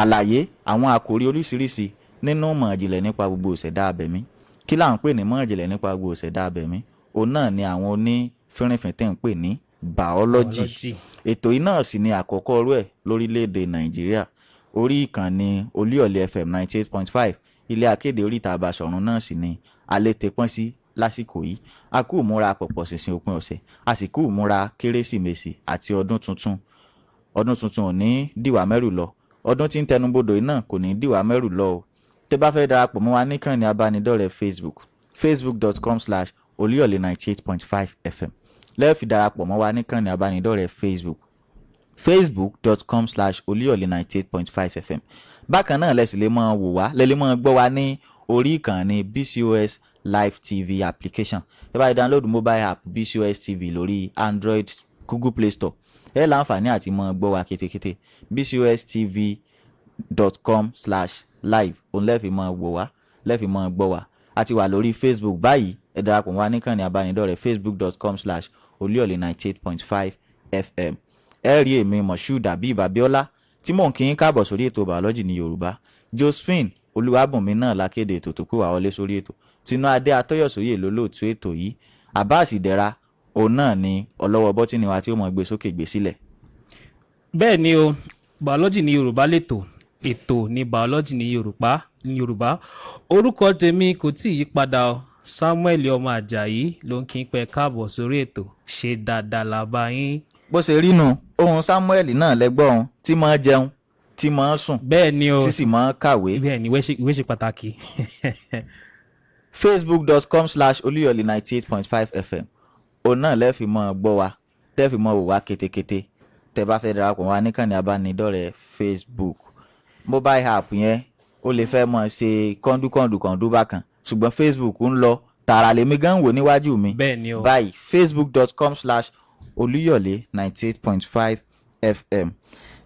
àlàyé àwọn àkòrí oríṣiríṣi nínú mọ̀ ìjìnlẹ̀ nípa gbogbo ìṣẹ̀dá abẹ̀mí kí là ń pè ní mọ̀ ìjìnlẹ̀ nípa gbogbo ìṣẹ̀dá abẹ̀mí òun náà ni àwọn oní fínrínfín tẹ̀ ń pè ní bàọ́lọ́jì ètò yìí náà sì ni àkọ́kọ́ rú ẹ̀ lórílẹ̀‐èdè nàìjíríà orí ìkànnì olúyọ̀lé fm ninety eight point five ilé akéde oríta àbàṣọ̀run náà sì ni alẹ́ tẹpọ́n sí lásìkò yìí a kú ìmúra pọ̀pọ̀ ṣìnṣìn òpin ọ̀sẹ̀ a sì ọdún tuntun ò ní dìwà mẹ́rù lọ ọdún tí ń tẹnubodò yìí náà kò ní dìwà mẹ́rù lọ o tẹ́ bá fẹ́ darapọ̀ mọ́ wa níkànnì abánidọ́rẹ̀ẹ́ facebook facebook.com slash olúyọ̀lé ninety eight point five fm lẹ́ẹ̀fì darapọ̀ mọ́ wa níkànnì abánidọ́rẹ̀ẹ́ facebook facebook.com slash olúyọ̀lé ninety eight point five fm bákan náà lẹ́sìn lè máa wò wá lẹ́lẹ́ máa gbọ́ wa ní orí ìkànnì bcos live tv application ẹ bá yẹ download mobile app bcos tv lórí android google play store ẹ láǹfààní àti mọ gbọ́ wa kétékété bcostv.com slash live òun lẹ́ẹ̀fì mọ wò wá lẹ́ẹ̀fì mọ gbọ́ wa a ti wà lórí facebook báyìí ẹ darapọ̀ wá níkànnì abánidọ́rẹ̀ẹ́ facebook.com slash olúyọ̀lé ninety fm ẹ rí èmi moshood abib abiola tí mò ń kí yín káàbọ̀ sórí ètò biology ní yorùbá josephine olúwàbùnmí náà la kéde ètò tó pè wá wọlé sórí ètò tinú adé atóyọ̀sóyè lólóòtú ètò yìí abbas ìdẹ̀ra òun náà ni ọlọ́wọ́ bọ́tìnì wa tí ó mọ̀ gbé sókè gbé sílẹ̀. bẹ́ẹ̀ ni o biology ni yorùbá lẹ́tọ̀ ètò ni biology ni yorùbá ni yorùbá orúkọ tèmi kò tí ì yí padà o samuel ọmọ ajayi ló ń kí pẹ káàbọ̀ sórí ètò ṣe dáadáa la bá yín. bó ṣe rí nu ohun samuel náà lẹ́gbọ́n ohun tí máa jẹun tí máa sùn tí sì máa kàwé. bẹ́ẹ̀ ìwé ṣe pàtàkì. facebook.com slash olúyọ̀lé ninety eight point five fm òun náà lẹ́ẹ̀fì mọ́ gbọ́ wa tẹ́ẹ̀fì mọ́ wò wá ketekete tẹ́ bá fẹ́ darapọ̀ wá níkànnì abánidọ́rẹ̀ẹ́ Facebook mobile app yẹn o lè fẹ́ mọ̀ ṣe kọ́ńdúkọ́ńdù kọ́ńdú bákan ṣùgbọ́n Facebook ń lọ tààrà lèmi gan wò níwájú mi báyìí facebook.com slash olúyọ̀lé ninety eight point five fm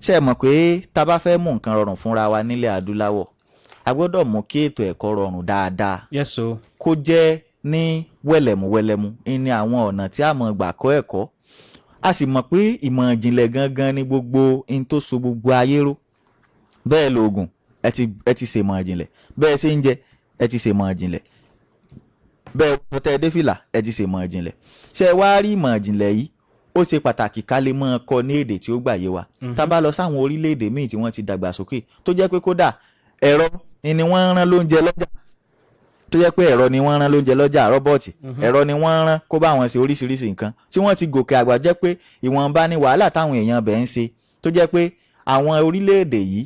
ṣe mọ̀ pé tá a bá fẹ́ mú nǹkan rọrùn fúnra wa nílẹ̀ adúláwọ̀ a gbọ́dọ̀ mú kí ètò ẹ̀kọ́ rọrùn dáadáa kó jẹ́ ní wẹ̀lẹ̀mú wẹ̀lẹ̀mú ní àwọn ọ̀nà tí a máa gbà kọ́ ẹ̀kọ́ a sì mọ̀ pé ìmọ̀ ìjìnlẹ̀ gangan ni gbogbo in tó so gbogbo ayé ró bẹ́ẹ̀ lóògùn ẹ ti ẹ ti ṣèmọ̀ ìjìnlẹ̀ bẹ́ẹ̀ ṣe ń jẹ ẹ ti ṣèmọ̀ ìjìnlẹ̀ bẹ́ẹ̀ pọtẹ́ défìlà ẹ ti ṣèmọ̀ ìjìnlẹ̀ ṣé wá rí ìmọ̀ ìjìnlẹ̀ yìí ó ṣe pàtàkì ká lè máa kọ́ ní èdè tí ó gbàyé wa mhm. tá a bá lọ sáwọn orílẹ̀-èdè míì tí wọ́n ti dàgbàsókè tó jẹ́ pé kódà ẹ̀rọ ni wọ́n rán lóúnjẹ lọ́jà tó yẹ pé ẹ̀rọ ni wọ́n rán lóúnjẹ lọ́jà rọ́bọ̀tì mhm. ẹ̀rọ ni wọ́n rán kó bá wọn ṣe oríṣiríṣi nǹkan tí wọ́n ti gòkè àgbà jẹ́ pé ìwọ̀nba ni wàhálà táwọn èèyàn bẹ̀ ń ṣe tó jẹ́ pé àwọn orílẹ̀-èdè yìí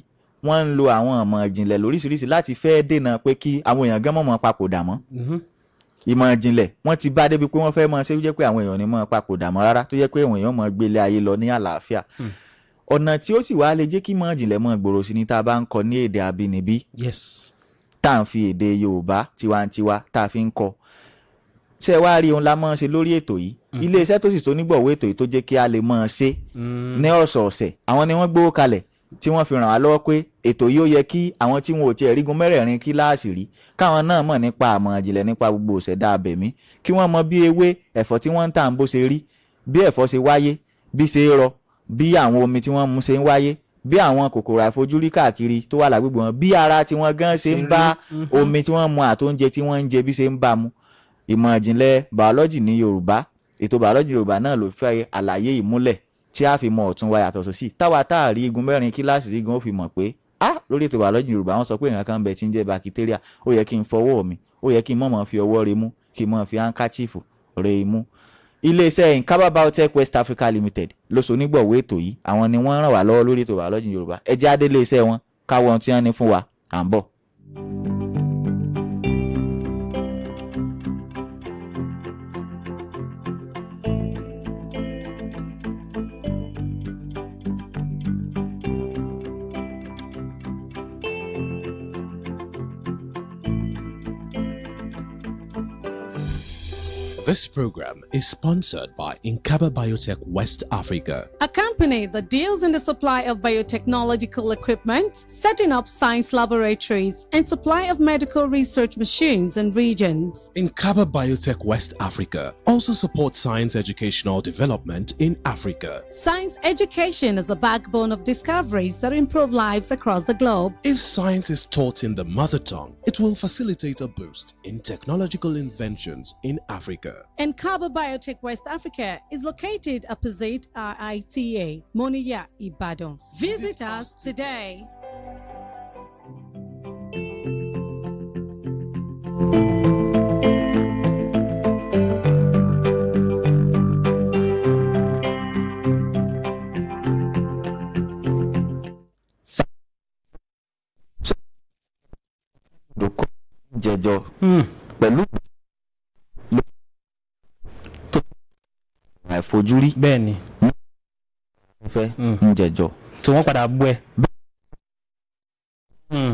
wọ́n ń lo àwọn ìmọ̀ ìjìnlẹ̀ lóríṣiríṣi láti fẹ́ dènà pé kí àwọn èèyàn gan mọ̀mọ́ papòdà mọ́ mhm. ìmọ̀ ìjìnlẹ̀ wọ́n ti bá débi pé wọ́n fẹ́ mọ ṣé jẹ́ pé àwọn èèyàn ni mọ̀ papòdà mọ́ rárá tó jẹ́ pé àwọn èèyàn mọ̀ gbélé ayé lọ ní àlàáfíà hmm. ọ̀nà tí ó sì wá lè jẹ́ kí mọ̀ ìjìnlẹ̀ mọ̀ gbòòrò sí ni tá a bá ń kọ ní èdè àbínibí tá à ń fi èdè Yorùbá tiwantiwa tá a fi ń kọ ṣé ẹ wá rí ohun la máa ń ṣe lórí ètò yìí mm-hmm. iléeṣẹ́ tó sì tó nígbọ̀wọ́ ètò yìí tó jẹ́ kí a lè máa ṣe mm-hmm. ní ọ̀sọ̀ọ̀sẹ̀ àwọn ni wọ́n gbówó kalẹ̀ tí wọ́n fi ràn wá lọ́wọ́ pé ètò yìí ó yẹ kí àwọn tí wọn ò tiẹ̀ rígun mẹ́rẹ̀ẹ̀rin kíláàsì rí káwọn náà mọ̀ nípa àmọ̀ ìjìnlẹ̀ nípa gbogbo òṣẹ̀dá abẹ̀mí kí wọ́n mọ bí ewé ẹ̀fọ́ tí wọ́n ń tà ń bó ṣe rí bí ẹ̀fọ́ ṣe wáyé bí ṣe rọ bí àwọn omi tí wọ́n mu ṣe ń wáyé bí àwọn kòkòrò àìfojúrí káàkiri tó wà lágbègbè wọn bí ara tí wọ́n gan ṣe ń bá omi tí wọ́n mu àtóúnjẹ tí wọ́n ń jẹ bí ṣe ń bá mu ìmọ̀ ìjìnlẹ̀ bàọ́lọ́jì ní Yorùbá ètò bàọ́lọ́jì Yorùbá náà ló fẹ́ àlàyé ìmúlẹ̀ tí a fi mọ ọ̀tún wa yàtọ̀ sósì táwa táàrí igun mẹ́rin kíláàsì igun ó fi mọ̀ pé á lórí ètò bàọ́lọ́jì Yorùbá wọ́n sọ pé nǹkan kan bẹ tí ń jẹ́ bakitéríà ó yẹ kí n fọwọ́ mi ó yẹ kí n mọ̀mọ́ fi ọwọ́ remú kí n mọ̀ fi hankachifu re imú iléeṣẹ́ nkaba biotech west africa limited ló sonígbọ̀wé ètò yìí àwọn ni wọ́n ràn wá lọ́wọ́ lórí ètò biology yorùbá ẹ jẹ́ adé iléeṣẹ́ wọn káwọn tí wọ́n ní fún wa à ń bọ̀. thank you This program is sponsored by Incaba Biotech West Africa, a company that deals in the supply of biotechnological equipment, setting up science laboratories, and supply of medical research machines and regions. Incaba Biotech West Africa also supports science educational development in Africa. Science education is a backbone of discoveries that improve lives across the globe. If science is taught in the mother tongue, it will facilitate a boost in technological inventions in Africa. And Cabo Biotech West Africa is located opposite RITA, Moniya Ibadan. Visit, Visit us today. fojú rí. bẹ́ẹ̀ni. mo fẹ́ ń hmm. jẹjọ. tí wọ́n padà bú ẹ. Hmm.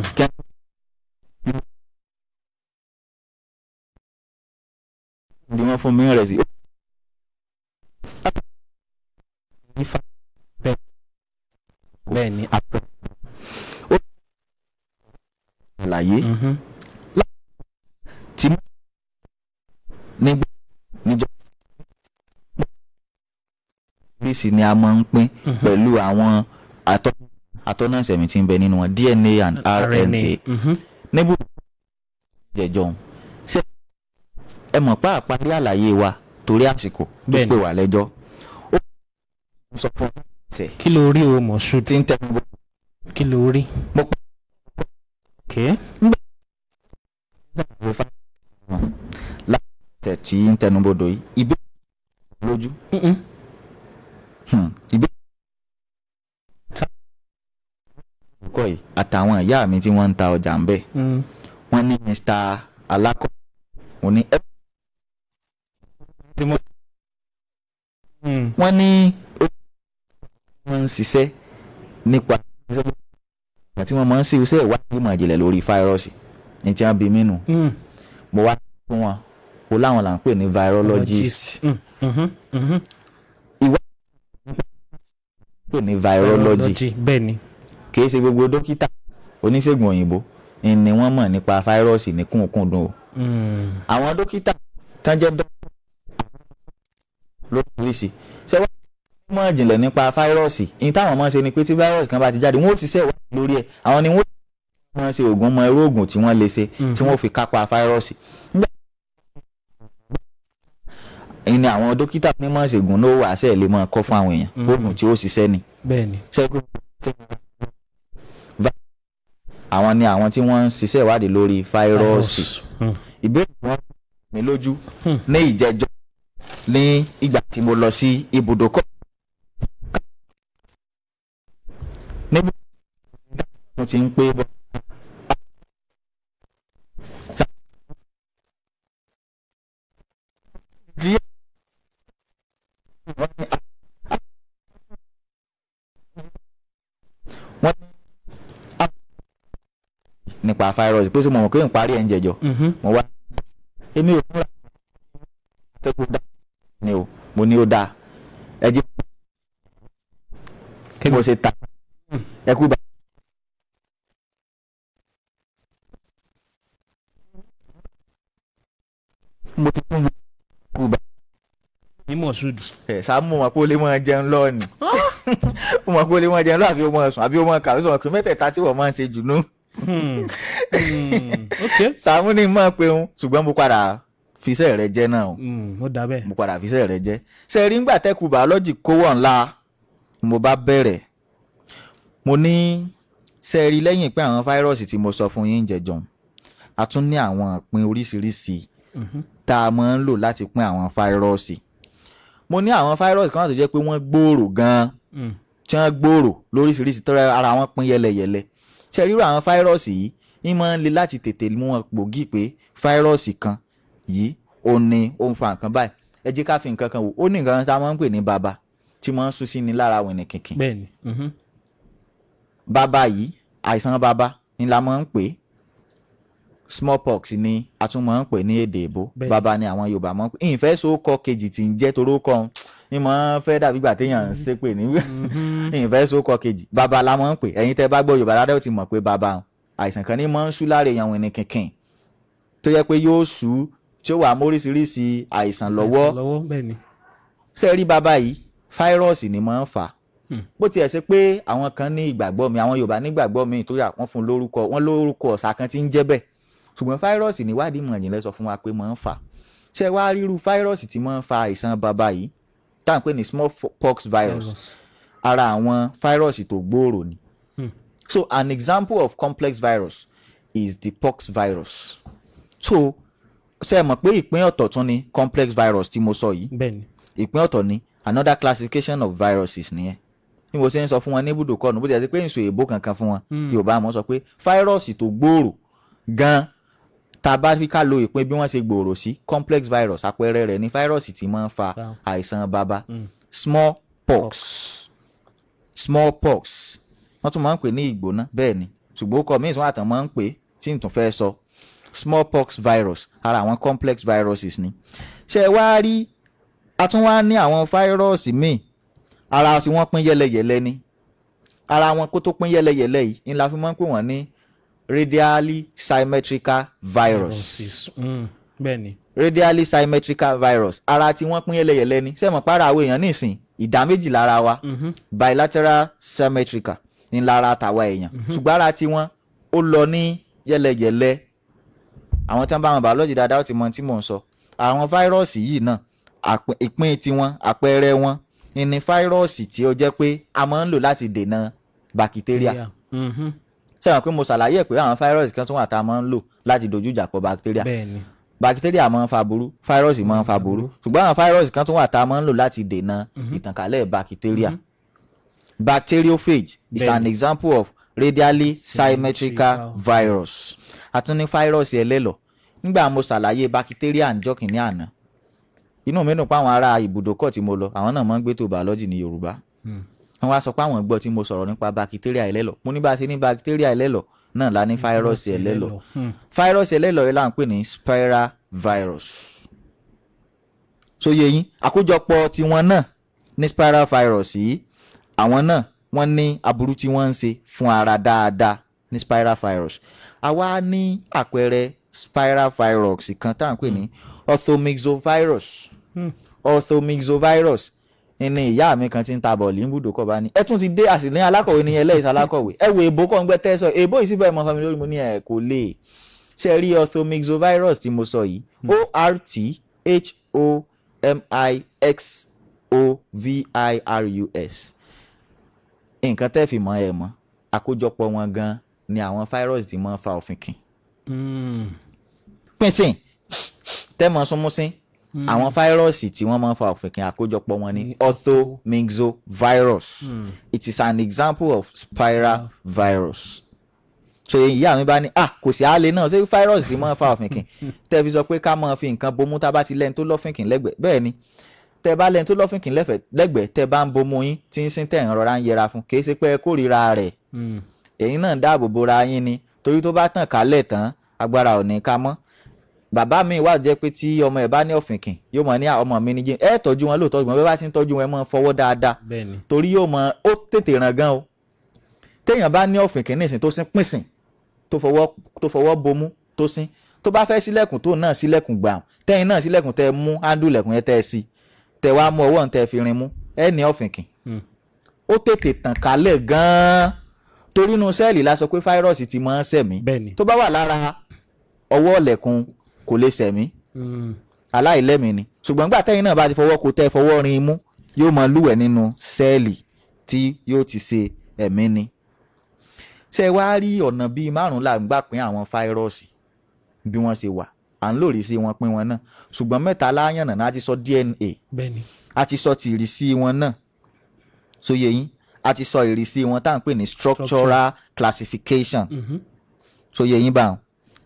ni wọ́n fún mi rẹ̀ sí. bẹ́ẹ̀ni. àlàyé. Mm-hmm. oríṣiríṣi ni a máa ń pín mhm. pẹ̀lú àwọn atọ́nà ìṣẹ̀mí tí ń bẹ nínú wọn DNA and RNA mhm. níbo jẹjọ ṣe ẹ mọ̀ pa àparí àlàyé wa torí àsìkò tó pè wá lẹ́jọ́ ó sọ fún ọ tẹ. kí ló rí o Moshood. ti ń tẹ mọ́. kí ló rí. mo pa ọkẹ́. nígbà láti tẹ̀ tí ń tẹnubodò yìí ìbéèrè lójú. Hmm. ìbéèrè yìí àtàwọn ìyá mi tí wọ́n ń ta ọjà ń bẹ̀ hmm. wọ́n ní Mr. alakọ hmm. wọ́n ní wọ́n ní wọ́n ń ṣiṣẹ́ nípa tí wọ́n máa ń ṣe iṣẹ́ ìwádìí ìmọ̀ ìjìnlẹ̀ lórí fáírọ́ọ̀sì ní tí wọ́n bí mí nù mo wá fún wọn o láwọn là ń pè ní virologist pè ní virology bẹ́ẹ̀ni kì í ṣe gbogbo dókítà oníṣègùn òyìnbó ni wọ́n mọ̀ nípa fáírọ́ọ̀sì ní kùnkùndùn o hmm. àwọn dókítà tán jẹ́ dókítà lóríṣiríṣi ṣé wọ́n mọ̀ jìnlẹ̀ nípa fáírọ́ọ̀sì ní táwọn máa ń ṣe ni pé tí fáírọ́ọ̀sì kan bá ti jáde wọ́n ó ti ṣe ìwádìí lórí ẹ̀ àwọn ni wọ́n mọ̀ ṣe oògùn mọ irú oògùn tí wọ́n lè ṣe hmm. tí wọ́n fi kápá fáírọ́ọ̀sì ni àwọn dókítà onímọ̀ ìṣègùn ló wà sẹ́ẹ̀ lè máa kọ́ fún àwọn èèyàn oògùn mm. tí ó ṣiṣẹ́ ni. bẹ́ẹ̀ni. sẹ́gun àwọn ni àwọn tí wọ́n ń ṣiṣẹ́ ìwádìí lórí fáírọ́ọ̀sì mm. ìbéèrè wọn mi lójú mm. ní ìjẹjọ́ ní ìgbà tí mo lọ sí ibùdókọ̀ níbi mo ti ń pé bọ́. díẹ̀ nípa virus pé sọ mo mọ̀ pé n parí ẹ̀ ń jẹjọ mhm. mo wá èmi ò múra pé kó dá ni o mo ní ó dáa ẹ jẹ́ kí mo ṣe ta ẹ kú bá. mo ti fún kú bá. ní mọ̀súdù. ẹ sàmú wọn kó lè máa jẹun lọ́ọ̀nì wọn kó lè máa jẹun lọ́ọ̀ àbí wọn sùn àbí wọn kàwé sọ̀rọ̀ kí mẹ́tẹ̀ẹ̀ta tí wọ́n máa ń ṣe jù nú. Hmm. Hmm, Sàámú ni mo pe òun ṣùgbọ́n mo padà fisẹ́ rẹ jẹ́ náà o. Hmm, ó dà bẹ́ẹ̀. mo padà fisẹ́ rẹ jẹ́. ṣe rí ngbà tẹ́kù bàọ́lọ́jì kówọ̀ ńlá mo bá bẹ̀rẹ̀ mo ní ṣe rí lẹ́yìn pé àwọn fáírọ́ọ̀sì tí mo sọ fún yín jẹjọun a tún ní àwọn ìpín oríṣiríṣi tá a máa ń lò láti pín àwọn fáírọ́ọ̀sì mo ní àwọn fáírọ́ọ̀sì kan tó jẹ́ pé wọ́n gbòòrò gan-an hmm. tí wọ́n gbòòrò lóríṣiríṣi tọ́ra ara wọn pín yẹlẹyẹlẹ ṣe ríro àwọn fáírọ́ọ̀sì yìí ń máa ń le láti tètè mú wọn gbòógì pé fáírọ́ọ̀sì kan yìí ó ní ó ń fa nǹkan báyìí ẹ jẹ́ ká fi nǹkan kan wò ó ní nǹkan kan tá a máa ń pè ní bàbá tí máa ń sún sí ni lára wẹ̀nì kìnkìn. bẹ́ẹ̀ni. Mhm. bàbá yìí àìsàn bàbá ni la máa ń pè é smallpox ni a tún máa ń pè ní èdè èbó bàbá ni àwọn yorùbá máa ń pè é ìfẹ́ so kọ kejì tí ń jẹ́ toró kọ́ ni mo fẹ́ dàbí gbà téèyàn ń ṣépè ní mhm. ìfẹ́ so kejì bàbá la máa ń pè ẹ̀yin tẹ́ bá gbọ́ yorùbá ládẹ́ ti mọ̀ pé bàbá àìsàn kan ní máa ń sú láre èèyàn wìnì kìnkìn tó yẹ pé yóò sú tí ó wà móríṣiríṣi àìsàn lọ́wọ́ ṣe rí bàbá yìí fáírọ́ọ̀sì ni máa ń fà á hmm. bó tiẹ̀ ṣe pé àwọn kan ní ìgbàgbọ́ mi àwọn Yorùbá nígbàgbọ́ mi tó yà wọ́n fún lórúkọ wọ́n lórúkọ ọ̀sà kan tí ń jẹ́ bẹ́ẹ̀ ṣùgbọ́n fáírọ́ọ̀sì níwádìí mọ̀ ìjìnlẹ̀ sọ fún wa pé máa ń fà ṣe wá ríru fáírọ́ọ̀sì tí máa ń fa àìsàn bàbá yìí tá pè ní smallpox virus ara àwọn fáírọ́ọ̀sì tó gbòòrò ni So an example of complex virus is the pox virus. So ṣe é mọ̀ pé ìpín ọ̀tọ̀ tún ni complex virus tí mo sọ yìí. Bẹ́ẹ̀ni. Ìpín ọ̀tọ̀ ni another classification of viruses nìyẹn. Bí mo ṣe ń sọ fún wọn ní ibùdókọ̀ ọ̀nà bó ti ẹ̀ ti pé ìṣò èèbó kankan fún wọn. Hmm. Yorùbá mọ̀ sọ pé fáírọ̀sì tó gbòòrò gan-an tá a bá fi ká lo ìpín bí wọ́n ṣe gbòòrò sí complex virus àpẹẹrẹ rẹ̀ ni fáírọ̀sì tí máa ń fa àìsàn hmm. small pox small pox wọ́n tún máa ń pè ní ìgbóná bẹ́ẹ̀ ni ṣùgbọ́n ó kọ́ míì tí àtàn máa ń pè tí n tún fẹ́ sọ smallpox virus ara àwọn complex viruses ni ṣe wá rí a tún wá ní àwọn fáírọ́ọ̀sì míì ara tí wọ́n pín yẹlẹyẹlẹ ni ara wọn kó tó pín yẹlẹyẹlẹ yìí ni la fi máa ń pè wọ́n ní radially symmetrical virus. viruses mm, radially symmetrical virus ara tí wọ́n pín yẹlẹyẹlẹ ni sẹ́mọ̀ para àwọn èèyàn nísìn ìdá méjì lára wa mm-hmm. bilateral symmetrical ní lára tàwa èèyàn mhm. ṣùgbọ́n ara tiwọn ó lọ ní yẹlẹyẹlẹ àwọn tí wọ́n bá wọn bàọ́lọ́jì dáadáa ó ti mọ tí mò ń sọ àwọn fáírọ́ọ̀sì yìí náà ìpín tiwọn àpẹẹrẹ wọn ní fáírọ́ọ̀sì tí ó jẹ́ pé a máa ń lò láti dènà bakitéríà mm-hmm. sẹ́wọ̀n pé mo ṣàlàyé ẹ̀ pé àwọn fáírọ́ọ̀sì kan tún wà tá a máa ń lò láti dojú ìjà kọ bakitéríà bakitéríà máa ń fa burú fáírọ́ọ̀sì máa ń fa burú mm-hmm. ṣùgbọ́n àwọn fáírọ́ọ̀sì kan tún wà tá a máa ń lò láti dènà mm-hmm. ìtànkálẹ̀ bakitéríà. Mm -hmm bacteriophage is an example of radially symmetrical virus àtúní fáírọ́ọ̀sì ẹlẹ́lọ̀ nígbà mo ṣàlàyé bacteria ǹjọ́ kìíní àná inú mi dùn pé àwọn ará ibùdókọ̀ tí mo lọ àwọn náà máa ń gbétò biology ní Yorùbá hmm. wọn wá sọ pé àwọn gbọ́ tí mo sọ̀rọ̀ nípa bacteria ẹlẹ́lọ̀ mo ní bá a ṣe ní bacteria ẹlẹ́lọ̀ náà la ní hmm, fáírọ́ọ̀sì ẹlẹ́lọ̀ hmm. fáírọ́ọ̀sì ẹlẹ́lọ̀ yìí là ń pè ní spiral virus so yẹ yín àkójọpọ̀ tiwọn náà ní spiral virus yìí àwọn náà wọ́n ní aburú tí wọ́n ń ṣe fún ara dáadáa ní spiral virus àwa ní àpẹẹrẹ spiral virus kan tá à ń pè ní orthomyxovirus hmm. orthomyxovirus ní ìyá mi kan ti ń ta bọ̀ọ̀lì ń bùdó kọ́ bá ní. ẹ tún ti dé àsìlẹ́yìn alákọ̀wé ní ẹlẹ́yìí alákọ̀wé ẹ wo èbó kan gbẹ tẹ́sọ̀ èbó yìí sì fẹ́ mọ sọmi lórí mo ní ẹ̀ kò lè ṣe rí orthomyxovirus tí mo sọ yìí hmm. o r t h o m i x o v i r u s nǹkan tẹ́ fi mọ̀ ẹ mọ̀ àkójọpọ̀ wọn gan ni àwọn fáírọ́ọ̀sì ti máa ń fa ọ̀fìnkìn. Hmm. pínsìn tẹ́mọ̀ súnmúsín hmm. àwọn fáírọ́ọ̀sì tí wọ́n máa ń fa ọ̀fìnkìn àkójọpọ̀ wọn ni orthomyxovirus hmm. it is an example of spiral virus. so ìyá mi bá ní ah kò sí àlè náà ṣé fáírọ́ọ̀sì ti máa ń fa ọ̀fìnkìn tẹ́ fi sọ pé ká máa fi nǹkan bomú tá a bá ti lẹ́ni tó lọ́fìnkìn lẹ́gbẹ̀ẹ́ bẹ́ẹ̀ ni tẹ bá lẹni tó lọ́fìnkì lẹ́gbẹ̀ẹ́ tẹ bá ń bomú yín tí ń sín tẹ̀ ń rọra ń yẹra fún kì í ṣe pé ẹ kórìíra rẹ̀ hmm. ẹ̀yin náà dáàbò bora yín ni torí tó bá tàn kálẹ̀ tán agbára ò ní ká mọ́ bàbá mi wà jẹ́ pé tí ọmọ ẹ̀ bá ní ọ̀fìnkì yóò mọ̀ ní ọmọ mi ní jẹ́ ẹ tọ́jú wọn lóòótọ́ ṣùgbọ́n bẹ́ẹ̀ bá ti ń tọ́jú wọn ẹ mọ́ fọwọ́ dáadáa torí yóò mọ ó tètè ràn gan o téèyàn bá ní ọ̀fìnkì ní ìsìn tó sín pínsìn tó fọwọ́ bomú tó sín tó bá fẹ́ sílẹ̀kùn tó náà sílẹ̀kùn gbà tẹ́yìn náà sílẹ̀kùn tẹ́ mú áńdù yẹn tẹ́ ẹ sí tẹ wá mú ọwọ́ ntẹ fi rin mú ẹ ní ọ̀fìnkì hmm. ó tètè tàn kálẹ̀ gan-an torí inú sẹ́ẹ̀lì la sọ pé fáírọ́ọ̀sì ti máa ń sẹ̀mí tó bá wà lára ọwọ́ ọ̀lẹ̀kùn kò lè sẹ̀mí hmm. aláìlẹ́mìí ni ṣùgbọ́n nígbà tẹ́yìn náà bá ti fọwọ́ kó tẹ́ fọwọ́ rin imú yóò máa lúwẹ̀ nínú sẹ́ẹ̀lì tí yóò ti ṣe ẹ̀mí ni ṣé wàá rí ọ̀nà bíi márùn-ún là pín àwọn fáírọ́ọ̀sì bí wọ́n ṣe wà à ń lòrì sí wọn pín wọn náà ṣùgbọ́n mẹ́ta láyànnà náà a ti sọ DNA a ti sọ tìrìsí wọn náà sóye yín a ti sọ ìrísí wọn tá à ń pè ní structural classification sóye mm-hmm. yín báwọn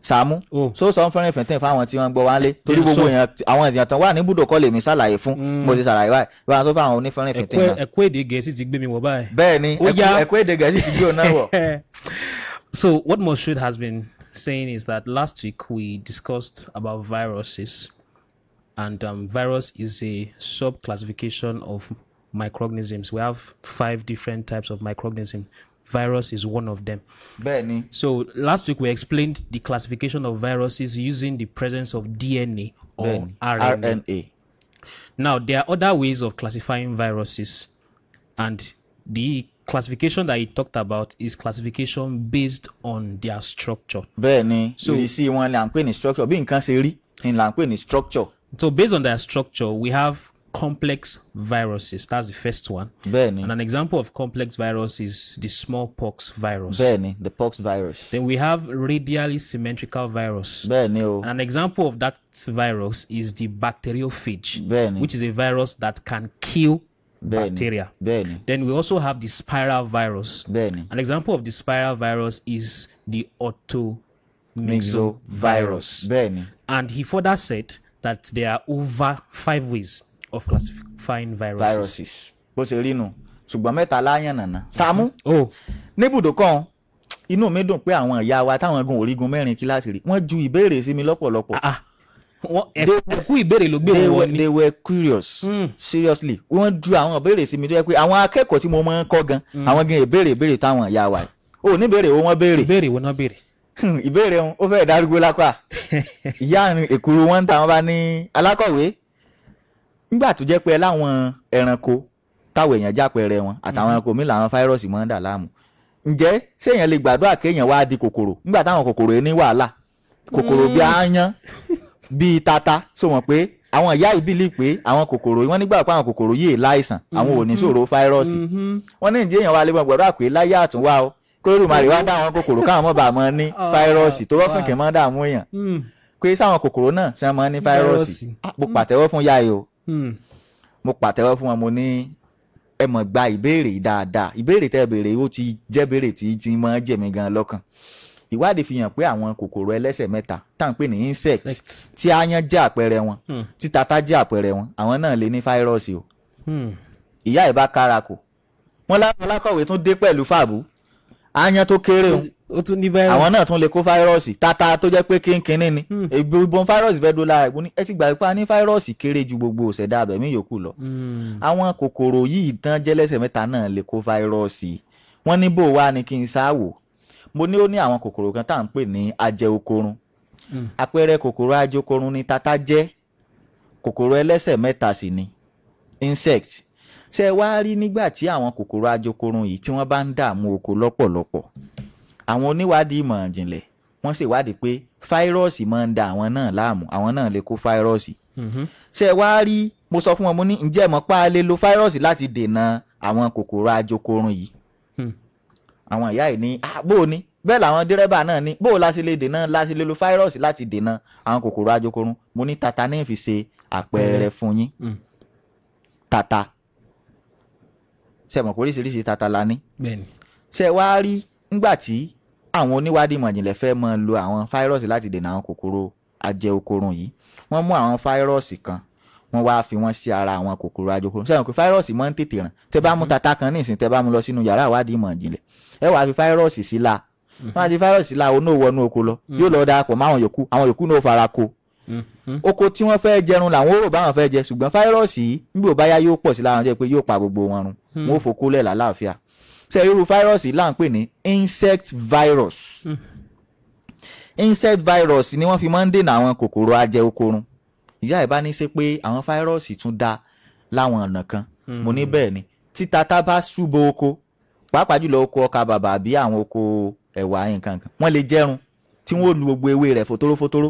sàmú so sọ fẹ́ràn ìfẹ̀ntẹ́ fáwọn tí wọ́n gbọ́ wálé torí gbogbo èèyàn àwọn èèyàn tán wà ní ibùdókọ́ lèmi ṣàlàyé fún mm. mo ti ṣàlàyé báyìí bá sọ fáwọn onífẹ́ràn ìfẹ̀ntẹ́ náà. ẹ̀kọ́ èdè gẹ̀ẹ́sì ti gbé mi wọ̀ báyìí. bẹ́ẹ̀ ni èdè gẹ̀ẹ́sì ti gbé òun náà wọ̀. So what must should has been saying is that last week we discussed about viruses, and um, virus is a subclassification of microorganisms. We have five different types of microorganism. Virus is one of them. Benny. So last week we explained the classification of viruses using the presence of DNA or RNA. RNA. Now there are other ways of classifying viruses, and the classification that he talked about is classification based on their structure. so you see, one language structure being nnkan in language structure. so based on their structure we have complex viruses that's the first one. and an example of complex virus is the smallpox virus. the pox virus. then we have radially symmetrical virus. and an example of that virus is the bacteriophage. which is a virus that can kill Then, bacteria. Then, then we also have the spiral virus. Then, an example of the spiral virus is the otomyxovirus. Then, and he further said that there are over five ways of classifying viruses. viruses. bó ṣe rí nu la mẹ́ta láyàn nànà. Sàámú níbùdó kan inú mi dùn pé àwọn ìyá wa táwọn gun òrígun mẹ́rin kíláàsì rí wọ́n ju ìbéèrè sí mi lọ́pọ̀lọpọ̀. Ah, ah ẹkú ìbéèrè ló gbé wọn wọ ni. they were curious mm. seriously wọ́n ju àwọn ìbéèrè sí mi tó yẹ pé àwọn akẹ́kọ̀ọ́ tí mo máa ń kọ́ gan hmm. àwọn gan ìbéèrè ìbéèrè táwọn ìyá wa ò ní béèrè wo wọ́n béèrè. ìbéèrè wo náà béèrè. Hmm, ìbéèrè wọn ó fẹ́ẹ̀ darúgbó lápá ìyá èkúrú wọn ń ta wọn bá ní alákọ̀wé nígbà tó jẹ́ pé láwọn ẹranko táwọn èèyàn jápẹrẹ wọn àtàwọn hmm. ẹranko mi làwọn fáírọ́ọ̀sì máa ń dà láàmú ǹjẹ́ séèyàn lè gbàdúrà kéèyàn wá di kòkòrò nígbà táwọn kòkòrò yẹn ní wàhálà kòkòrò bíi aáyán bíi tata so mọ̀ pé àwọn ìyá ìbílí pé àwọn kòkòrò wọn nígbà pé àwọn kòkòrò yìí láìsàn àwọn ò ní mm-hmm. ṣòro fáírọ́ọ̀sì mm-hmm. wọn ní ìdí èèyàn wa lè mọ̀ gbọ́dọ̀ àpè láyé àtúnwá o kórèrò màrí wá dáwọn kòkòrò káwọn mọ̀ bá mọ́ ní fáírọ́ọ̀sì tó rọ́fìn kì í mọ́ dààmú èèyàn mm. pé sáwọn kòkòrò náà ṣe mọ́ ní fáírọ́ọ̀sì ah, mo mm. pàtẹ́wọ́ fún yáyé o mm. mo pàtẹ́wọ́ fún wọn mo ní ẹ mọ̀ gba ìbéèrè dáadáa ìbéèrè tẹ́ ìwádìí fi hàn pé àwọn kòkòrò ẹlẹ́sẹ̀ mẹ́ta tá à ń pè ní insect tí aáyán jẹ́ àpẹẹrẹ wọn hmm. tí tata jẹ́ àpẹẹrẹ wọn àwọn náà lè ní fáírọ́ọ̀sì o hmm. ìyá ẹ̀ bá kára kò wọ́n láwọn alákọ̀wé tún dé pẹ̀lú fàbú aáyán tó kéré o ó tún ní fáírọ́ọ̀sì àwọn náà tún lè kó fáírọ́ọ̀sì tata tó jẹ́ pé kínkínní ni ègbò hmm. ìbọn fáírọ́ọ̀sì fẹ́ dúró lára ìbọn ẹ ti gbà pé a ní fáírọ́ọ̀sì kéré ju gbogbo òṣèdá abẹ̀mí yòókù lọ àwọn kòkòrò yìí tán jẹ́lẹ́sẹ̀ mẹ́ta náà lè kó fáírọ́ọ̀sì wọ́n ní bò wá ni kí n sáà mo ní ó ní àwọn kòkòrò kan tá à ń pè ní ajẹokorun hmm. àpẹẹrẹ kòkòrò ajẹokorun ni tata jẹ́ kòkòrò ẹlẹ́sẹ̀ mẹ́ta sì ni insect ṣe wá rí nígbà tí àwọn kòkòrò ajẹokorun yìí tí wọ́n bá ń dààmú oko lọ́pọ̀lọpọ̀ àwọn oníwádìí ìmọ̀ ìjìnlẹ̀ wọ́n ṣèwádìí pé fáírọ́ọ̀sì máa ń da àwọn náà láàmú àwọn náà lè kó fáírọ́ọ̀sì mm-hmm. ṣe wá rí mo sọ fún wọn mo ní ǹjẹ́ mọ̀ pa lo fáírọ́ọ̀sì láti dènà àwọn kòkòrò ajẹokorun yìí. Hmm àwọn ìyá yìí ní bó o ní bẹ́ẹ̀ làwọn dírẹ́bà náà ní bó o láti lè dènà láti lè lo fáírọ́ọ̀sì láti dènà àwọn kòkòrò ajokorun mo ní tata ní fi ṣe àpẹẹrẹ mm. fún yín mm. tata ṣe mọ̀ pé oríṣiríṣi tata la ní ṣe wá rí nígbà tí àwọn oníwádìí mọ̀jìnlẹ̀ fẹ́ mọ lo àwọn fáírọ́ọ̀sì láti dènà àwọn kòkòrò ajẹokorun yìí wọ́n mú àwọn fáírọ́ọ̀sì kan wọ́n wá fi wọ́n sí ara àwọn kòkòrò ajẹokorun ṣe mọ̀ pé fáírọ́ọ̀sì máa ń tètè ràn tẹ bá mú mm-hmm. tata kan ní ìsìn tẹ bá mú lọ sínú yàrá ìwádìí mọ̀jìnlẹ̀ ẹ wàá fi fáírọ́ọ̀sì sí la mm-hmm. wọ́n á di fáírọ́ọ̀sì la oní òwò ọnú oko lọ mm-hmm. yóò lọ darapọ̀ máwọn yòókù àwọn yòókù náà fara ko mm-hmm. oko tí wọ́n fẹ́ jẹrun làwọn òrò báwọn fẹ́ jẹ ṣùgbọ́n fáírọ́ọ̀sì yìí níbi ò bá yá yóò pọ̀ sí láwọn jẹ́ pé yóò pa gbogbo wọn run wọn ò fokó lẹ̀ lálàáfíà ṣe irú fáírọ́ọ̀sì là ń pè ní insect virus insect virus ni wọ́n fi máa ń dènà àwọn kòkòrò ajẹ okorun ìyá ẹ̀ bá ní ṣe pé àwọn fáírọ́ọ̀sì tún da láwọn ọ̀nà kan mo ní bẹ́ẹ̀ ni títa tá bá ṣùbọ oko pàápàá jùlọ oko ọkà bàbà àbí àwọn oko ẹ̀wà nǹkan kan wọ́n lè jẹ́run tí wọ́n ó lu gbogbo ewé rẹ̀ fòtóró fòtóró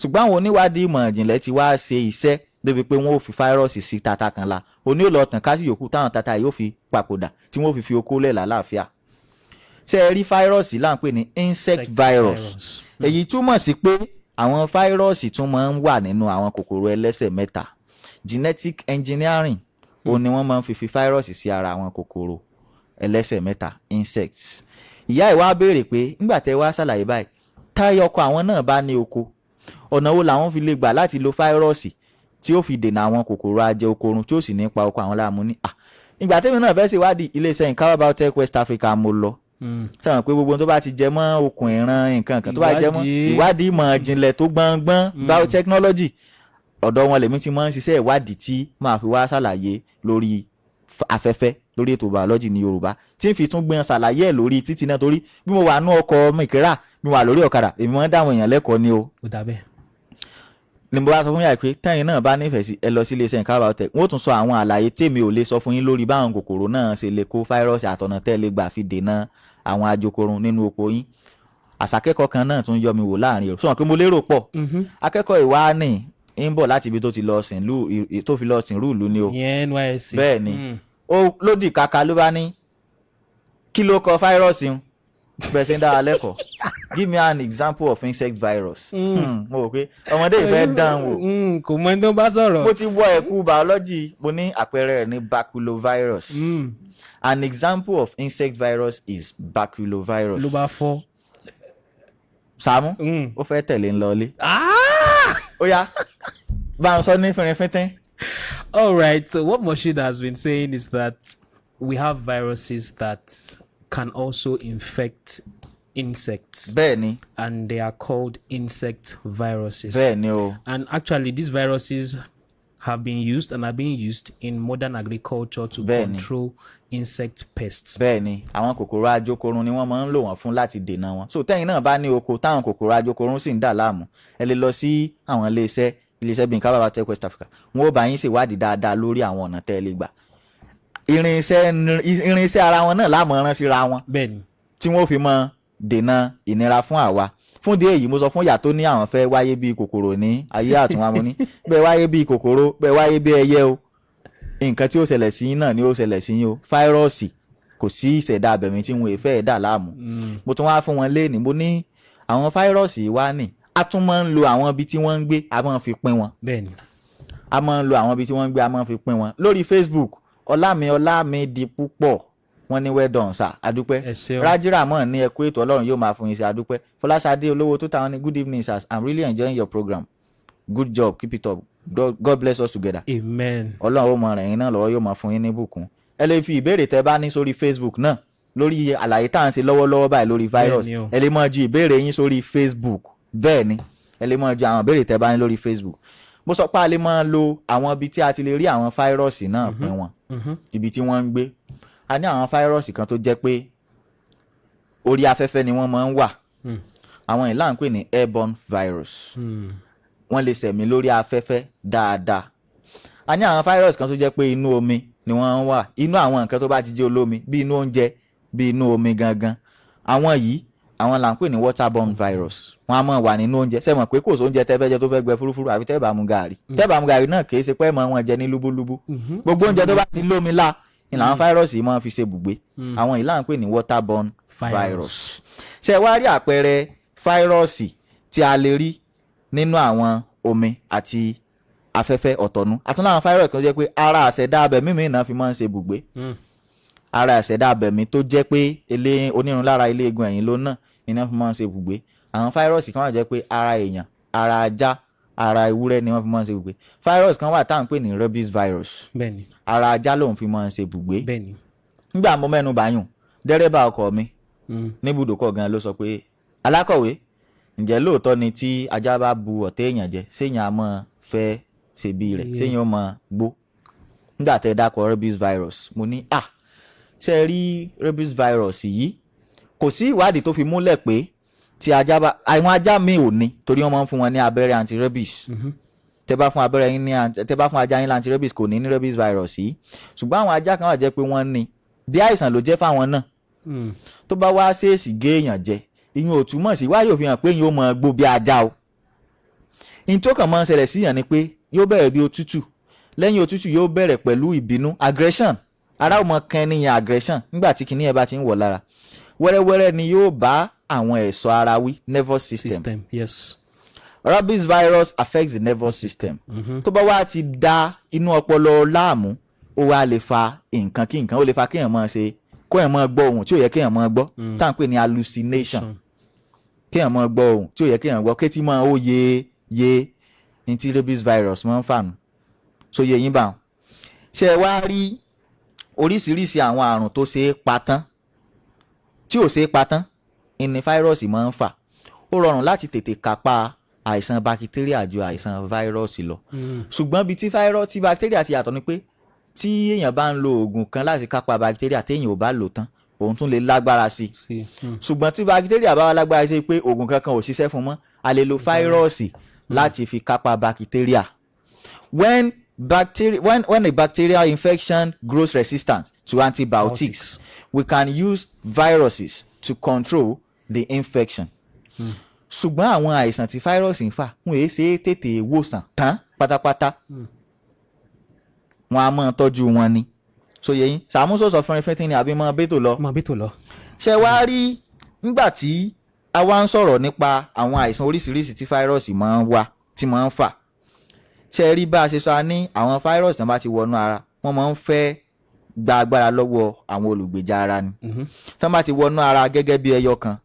ṣùgbọ́n àwọn oníwádìí ìmọ̀ ìjìnlẹ̀ ti wá ṣe iṣẹ́ débi pé wọ́n ò fi fáírọ́ọ̀sì sí tata kan la oní òlò ọ̀tàn ká sì yòókù táwọn tata yóò fi papòdà tí wọ́n ò fi fi oko lẹ̀ lálàáfíà ṣé ẹ rí fáírọ́ọ̀sì là ń pè ní insect virus hmm. èyí túmọ̀ sí pé àwọn fáírọ́ọ̀sì tún máa ń wà nínú àwọn kòkòrò ẹlẹ́sẹ̀ mẹ́ta genetic engineering òun ni wọ́n máa ń fi fi fáírọ́ọ̀sì sí ara àwọn kòkòrò ẹlẹ́sẹ̀ mẹ́ta insects ìyá ẹ̀ wá béèrè pé nígbà tẹ́ wá ṣàlàyé báyìí táyé ọkọ àwọn náà bá ní oko ọ̀nà wo làwọn fi lè gbà láti lo fáírọ́ọ̀sì tí ó fi dènà àwọn kòkòrò ajẹ okorun tí ó sì ní pa oko àwọn láàmú ní. ìgbà tẹ́mi náà fẹ́ ṣèwádìí iléeṣẹ́ Incawa Biotech West Africa mo lọ sọ̀rọ̀ hmm. pé gbogbo tó bá ti jẹ mọ́ okùn ìran nǹkan kan tó bá jẹ mọ́ ìwádìí ìmọ̀ ìjìnlẹ̀ tó gbọ̀ngbọ̀n hmm. biotechnology ọ̀dọ̀ wọn lèmi ti máa ń ṣiṣẹ́ ìwádìí tí máa fi wá ṣàlàyé lórí afẹ́fẹ́ lórí ètò biology ní yorùbá tí n fi tún gbìyàn ṣàlàyé ẹ̀ lórí títí náà torí bí mo wà nú ọkọ̀ mìkírà mi wà lórí ọ̀kadà èmi wọ́n dáwọn èèyàn lẹ́kọ̀ọ́ ni o. ó dà bẹ́ẹ̀. ni mo bá sọ fún yàrá pé tẹ́yìn náà bá nífẹ̀ẹ́ sí ẹ lọ sí iléeṣẹ́ nǹkan àbáwọ̀tẹ̀ wọ́n tún sọ àwọn àlàyé tèmi ò lè sọ fún yín lórí báwọn kòkòrò náà ṣe lè kó fáírọ́ọ̀sì àtọ̀nà tẹ́lẹ̀ gbà fi dènà àwọn ajokorun nínú oko yín àṣàkẹ́kọ̀ọ́ kan náà tún yọ mi wò láàrin rẹ̀ sọ wọn pé mo lérò pọ̀ mhm. akẹ́kọ̀ọ́ ìwá ni ń bọ̀ láti ibi tó ti lọ sìn lù tó fi lọ sìn rú ìlú ni o NYSC bẹ́ẹ̀ ni hmm. ó lódì kaka ló bá ní kí ló kọ fáírọ́ọ̀sì ń pẹ̀sẹ̀ ń dára lẹ́kọ̀ọ́ give me an example of insect virus. Hmm. Hmm, mo rò pé ọmọdé ìfẹ́ dán wò. kò mọ ẹni tó bá sọ̀rọ̀. mo ti wọ ẹ̀kú biology mo ní àpẹẹrẹ rẹ̀ ní baculovirus. an example of insect virus is baculovirus. ló bá fọ́. Sàámú ó fẹ́ tẹ̀lé ń ah Oh, yeah, but I'm sorry for everything. all right so what Moshe has been saying is that we have viruses that can also infect insects. Benny, And they are called insect viruses. Bẹ́ẹ̀ni And actually these viruses have been used and are being used in modern agriculture to Bẹ́ẹ̀ni. control insect pests. bẹ́ẹ̀ni àwọn kòkòrò ajokorun ni wọ́n máa ń lò wọ́n fún láti dènà wọn so tẹ́yin náà bá ní oko táwọn kòkòrò ajokorun sì ń dà láàmú ẹ lè lọ sí àwọn iléeṣẹ́ iléeṣẹ́ bíi nǹkan tech west africa wọn ó bá yín ṣèwádìí dáadáa lórí àwọn ọ̀nà tẹ́ ẹ lè gbà irinṣẹ́ irinṣẹ́ ara wọn náà láàmú rán síra wọn tí wọ́n fi mọ dènà ìnira fún àwa fún di èyí mo sọ fún ìyá tó ní àwọn fẹ́ wáyé bíi kòkòrò ní ayé àtúnwá ní bẹ́ẹ̀ wáyé bíi kòkòrò bẹ́ẹ̀ wáyé bíi ẹyẹ o nǹkan tí ó ṣẹlẹ̀ sí yín náà ni ó ṣẹlẹ̀ sí yín o fáírọ́ọ̀sì kò sí ìṣẹ̀dá abẹ̀mí tí wọn èèfẹ́ ẹ̀dá láàmú mm. mo tún wá fún wọn léèní mo ní àwọn fáírọ́ọ̀sì wá nì a tún máa ń lo àwọn ibi tí wọ́n ń gbé a máa fi pín wọn a máa ń lo àwọn ibi tí wọ́n ń gbé a máa fi pín wọn lórí Facebook ọlámi ọlámi di púpọ̀ wọ́n ní well done sir adúpẹ́ rájíràmọ́ ní ẹkú ètò ọlọ́run yóò máa fún yín sí adúpẹ́ fọláṣadé olówó tó táwọn ní good evening sir i'm really enjoying your program good job keep it up God bless us together. Amen. Ọlọ́run ó mọ ràn yín náà lọ́wọ́ yóò máa fún yín ní bùkún. Ẹ lè fi ìbéèrè tẹ́ bá ní sórí Facebook náà lórí àlàyé tá à ń ṣe lọ́wọ́lọ́wọ́ báyìí lórí virus. Ẹ lè máa ju ìbéèrè yín sórí Facebook. Bẹ́ẹ̀ ni ẹ lè máa ju àwọn ìbéèrè tẹ́ bá ní lórí Facebook. Mo sọ pé a lè máa lo àwọn ibi tí a ti lè rí àwọn fáírọ́ọ̀sì náà mhm. pín wọn. Mhm. Ibi tí wọ́n ń gbé. A ní àwọn fáírọ́ọ̀sì kan tó jẹ́ pé orí afẹ́fẹ́ ni wọ́n máa ń wà. Hmm. Àwọn ìlànà pè ní airborne virus. Mm wọ́n lè sẹ̀mí lórí afẹ́fẹ́ dáadáa a ní àwọn fáírọ́ọ̀sì kan tó jẹ́ pé inú omi ni wọ́n wà inú àwọn nǹkan tó bá ti jẹ́ olómi bí inú oúnjẹ bí inú omi gangan àwọn yìí àwọn là ń pè ní waterborne virus wọn a máa wà nínú oúnjẹ ṣé mọ̀ pé kò sóúnjẹ tẹ́ fẹ́ jẹ tó fẹ́ gbẹ fúrúfúrú àfi tẹ́ bá mu gàrí mm. tẹ́ bá mu gàrí náà kì í ṣe pé mọ̀ wọn jẹ ní lúbúlúbú mm-hmm. gbogbo oúnjẹ tó bá ti lómi la ni làwọn mm. fáírọ́ọ̀sì yìí máa fi ṣe bùgbé mm. àwọn yìí là ń pè ní waterborne virus ṣé wá rí àpẹẹrẹ fáírọ́ọ̀sì tí a lè rí nínú àwọn omi àti afẹ́fẹ́ ọ̀tọ̀nu àtúnlá àwọn fáírọ̀ kan jẹ́ pé ara àṣẹ̀dá abẹ̀mí mi náà fi máa ń ṣe bùgbé hmm. ara àṣẹ̀dá abẹ̀mí tó jẹ́ pé ilé onírun lára ilé egun ẹ̀yìn ló náà iná fi máa ń ṣe bùgbé àwọn fáírọ̀sì kan wà jẹ́ pé ara èèyàn ara ajá ara ewúrẹ́ ni wọ́n fi máa ń ṣe bùgbé fáírọ̀sì kan wà tá à ń pè ní rabies virus ara ajá lòun fi máa ń ṣe bùgbé nígbà mo mẹ́nu bàyùn dẹ́rẹ́bà ọkọ̀ mi hmm. níbùdókọ̀ gan ló sọ pé alákọ̀wé ǹjẹ́ lóòótọ́ ni tí ajá bá bu ọ̀tẹ̀ èèyàn jẹ séèyàn á mọ̀ fẹ́ ṣèbí rẹ̀ séèyàn ó mọ̀ gbó nígbà tẹ́ dákọ̀ rabies virus mo ní à ṣe rí rabies virus yìí kò sí ìwádìí tó fi múlẹ̀ pé tí ajá bá àwọn ajá mi ò ní torí wọ́n máa ń fún wọn ní abẹ́rẹ́ anti rabies mm-hmm. tẹ́ bá fún abẹ́rẹ́ yín ní tẹ́ bá fún ajá yín anti rabies kò ní ní rabies virus yìí ṣùgbọ́n àwọn ajá kan wà jẹ́ pé wọ́n ní bí àìsàn ló jẹ́ fáwọn náà mm. tó bá wá ṣèèṣì gé èèyàn jẹ ìyẹn ò túmọ̀ sí wáyé òfin hàn pé yóò mọ gbó bí ajá o ìyẹn tó kàn máa ń ṣẹlẹ̀ síyàn ni pé yóò bẹ̀rẹ̀ bí òtútù lẹ́yìn òtútù yóò bẹ̀rẹ̀ pẹ̀lú ìbínú aggression ara ò mọ kan níyàn aggression nígbà tí kinní yẹn bá ti ń wọ̀ lára wẹ́rẹ́wẹ́rẹ́ ni yóò bá àwọn ẹ̀ṣọ́ ara wí nervous system, system yes. rabies virus affects the nervous system mm-hmm. tó bá wá ti da inú ọpọlọ láàmú ó wá lè fa nǹkan kí nǹkan ó lè fa kéèyàn máa ṣe kó èèyàn máa gbọ́ ohun tí ò yẹ kéèyàn máa gbọ́ mm. tá à ń pè ní hallucination. So kéèyàn máa gbọ́ ohùn tí ò yẹ kéèyàn gbọ́ kétí máa ó yé yé ní rabies virus máa ń fà nù so yẹ yín bá wọn. ṣé ẹ wá rí oríṣiríṣi àwọn àrùn tó ṣe é pa tán tí ò ṣe é pa tán ìní fáírọ́ọ̀sì máa ń fà ó rọrùn láti tètè kápá àìsàn bakitéríà ju àìsàn fáírọ́ọ̀sì lọ hmm. ṣùgbọ́n bíi ti fáírọ́ọ̀sì bakitéríà ti yàtọ̀ ni pé tí èèyàn bá ń lo oògùn kan láti kápá bakitéríà téèyàn ò bá lò tán òun tún lè lágbára sí i hmm. ṣùgbọ́n tí bakitéríà bá wà lágbára sí i pé oògùn kankan ò ṣiṣẹ́ fún mọ́ a lè lo fáírọ́ọ̀sì hmm. láti fi kápá bakitéríà when bacteria when, when a bacterial infection grows resistant to antibiotics we can use viruses to control the infection. Hmm ṣùgbọ́n àwọn àìsàn tí fáírọ́ọ̀sì ń fà wọn èé ṣe é tètè wòsàn tán pátápátá hmm. wọn a máa tọ́jú wọn ni so yẹyin sàmúsọ sọ fínrin fínrin ni àbí mọ abétò lọ. mọ abétò lọ. ṣé wàá rí nígbà tí a wá ń sọ̀rọ̀ nípa àwọn àìsàn oríṣiríṣi tí fáírọ́ọ̀sì máa ń wá tí máa ń fà ṣe rí bá a ṣe sọ a ní àwọn fáírọ́ọ̀sì náà bá ti wọnú ara wọ́n máa ń fẹ́ gba agbára lọ́wọ́ àwọn olùgbèjà ara ni mhm. tí wọ́n bá ti wọnú ara gẹ́gẹ́ bí ẹyọ kan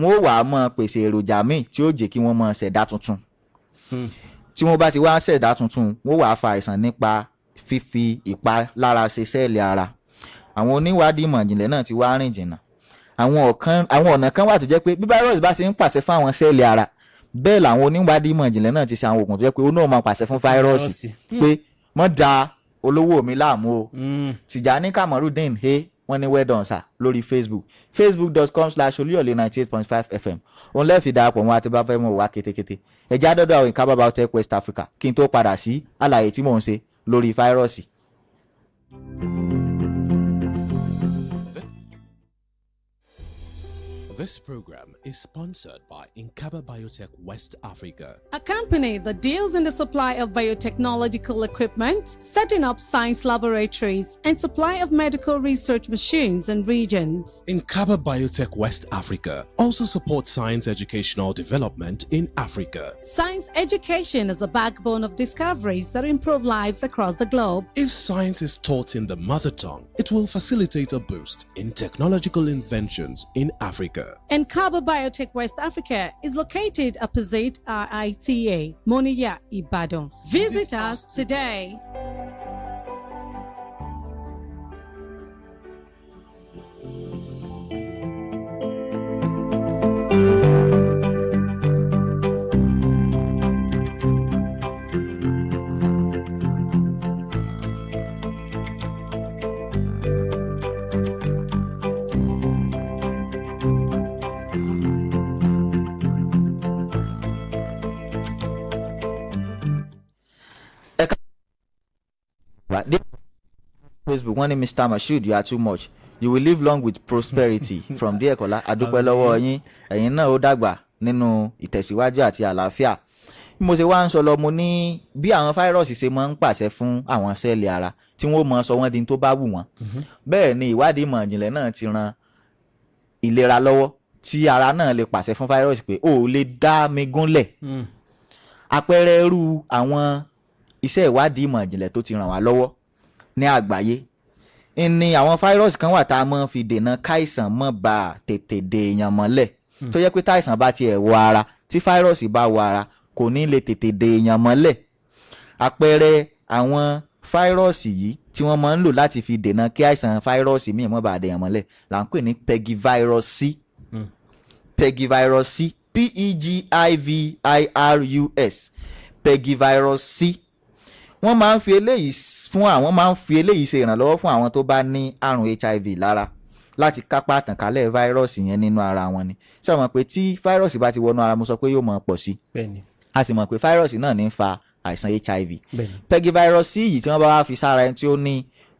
wọ́n ó wà á pèsè èròjà míì tí ó jẹ́ kí wọ́n máa ṣẹ̀dá tuntun hmm. tí wọ́n bá ti wá ṣẹ̀dá tuntun wọ́n ó fa àìsàn nípa fífi ìpalára ṣe sẹ́ẹ̀lì ara àwọn oníwádìí ìmọ̀ ìjìnlẹ̀ náà ti wá rìn jìnnà àwọn ọ̀nà kan wà tó jẹ́ pé bí fáírọ́ọ̀sì bá ṣe ń pàṣẹ fún àwọn sẹ́ẹ̀lì ara bẹ́ẹ̀ làwọn oníwádìí ìmọ̀ ìjìnlẹ̀ náà ti ṣe àwọn oògùn tó jẹ́ pé ó náà máa pàṣẹ fún fáírọ́ọ̀sì hmm. pé mọ́ da olówó mi láàmú o hmm. Tìjàní Kamarudeen he wọ́n ní well done lórí facebook facebook.com slash olúyọ̀lé ninety eight point five fm òun lẹ́ẹ̀fì darapọ̀ mọ́ àti báfẹ́ mọ́ wá kétékété ẹ̀já dọ́dọ̀ àwọn ìkábàbà tech west africa kí n tó padà sí àlàyé tí mò ń ṣe lórí fáírọ́ọ̀sì. thank you This program is sponsored by Inkaba Biotech West Africa, a company that deals in the supply of biotechnological equipment, setting up science laboratories, and supply of medical research machines and regions. Inkaba Biotech West Africa also supports science educational development in Africa. Science education is a backbone of discoveries that improve lives across the globe. If science is taught in the mother tongue, it will facilitate a boost in technological inventions in Africa. And Cabo Biotech West Africa is located opposite RITA, Moniya Ibadan. Visit, Visit us today. today. Facebook wọ́n ní Mr. Mashood you are too much you will live long with prosperity from there Kola, adúpẹ́ lọ́wọ́ yín ẹ̀yin náà ó dàgbà nínú ìtẹ̀síwájú àti àlàáfíà bí mo ṣe wá ń sọ lọ mo ní bí àwọn fáírọ̀sì ṣe máa ń pàṣẹ fún àwọn sẹ́ẹ̀lì ara tí wọ́n mọ sọ wọ́n di tó bá wù wọ́n mhm. bẹ́ẹ̀ ni ìwádìí ìmọ̀ ìjìnlẹ̀ náà ti ran ìlera lọ́wọ́ tí ara náà lè pàṣẹ fún fáírọ̀sì pé ó lè dá mi gúnlẹ̀ mm. àpẹẹrẹ irú àwọn iṣẹ́ ìwádìí ìmọ̀ ìjìnlẹ̀ tó ti ràn wá lọ́wọ́ ní àgbáyé ni àwọn fáírọ́ọ̀sì kan wà tá a mọ̀ fi dènà káìsàn mọ̀ bá tètè dè èèyàn mọ́lẹ̀ hmm. tó yẹ pé táìsàn bá tiẹ̀ wọ ara tí fáírọ́ọ̀sì bá wọ ara kò ní lè tètè dè èèyàn mọ́lẹ̀ àpẹẹrẹ àwọn fáírọ́ọ̀sì yìí tí wọ́n máa ń lò láti fi dènà kí àìsàn fáírọ́ọ̀sì míì mọ̀ bá dè èèyàn mọ́lẹ̀ là ń pè ní pegivirus C hmm. pegivirus C p e g i v i r u s pegivirus C wọ́n máa ń fi eléyìí fún àwọn máa ń fi eléyìí ṣe ìrànlọ́wọ́ fún àwọn tó bá ní àrùn HIV lára láti kápá àtànkálẹ̀ fáírọ́ọ̀sì yẹn nínú ara wọn ni ṣé o mọ̀ pé tí fáírọ́ọ̀sì bá ti wọnú ara mo sọ pé yóò máa pọ̀ sí a sì mọ̀ pé fáírọ́ọ̀sì náà ní ń fa àìsàn HIV pẹ́gifáírọ́ọ̀sì yìí tí wọ́n bá wá fi sára ẹni tí ó ní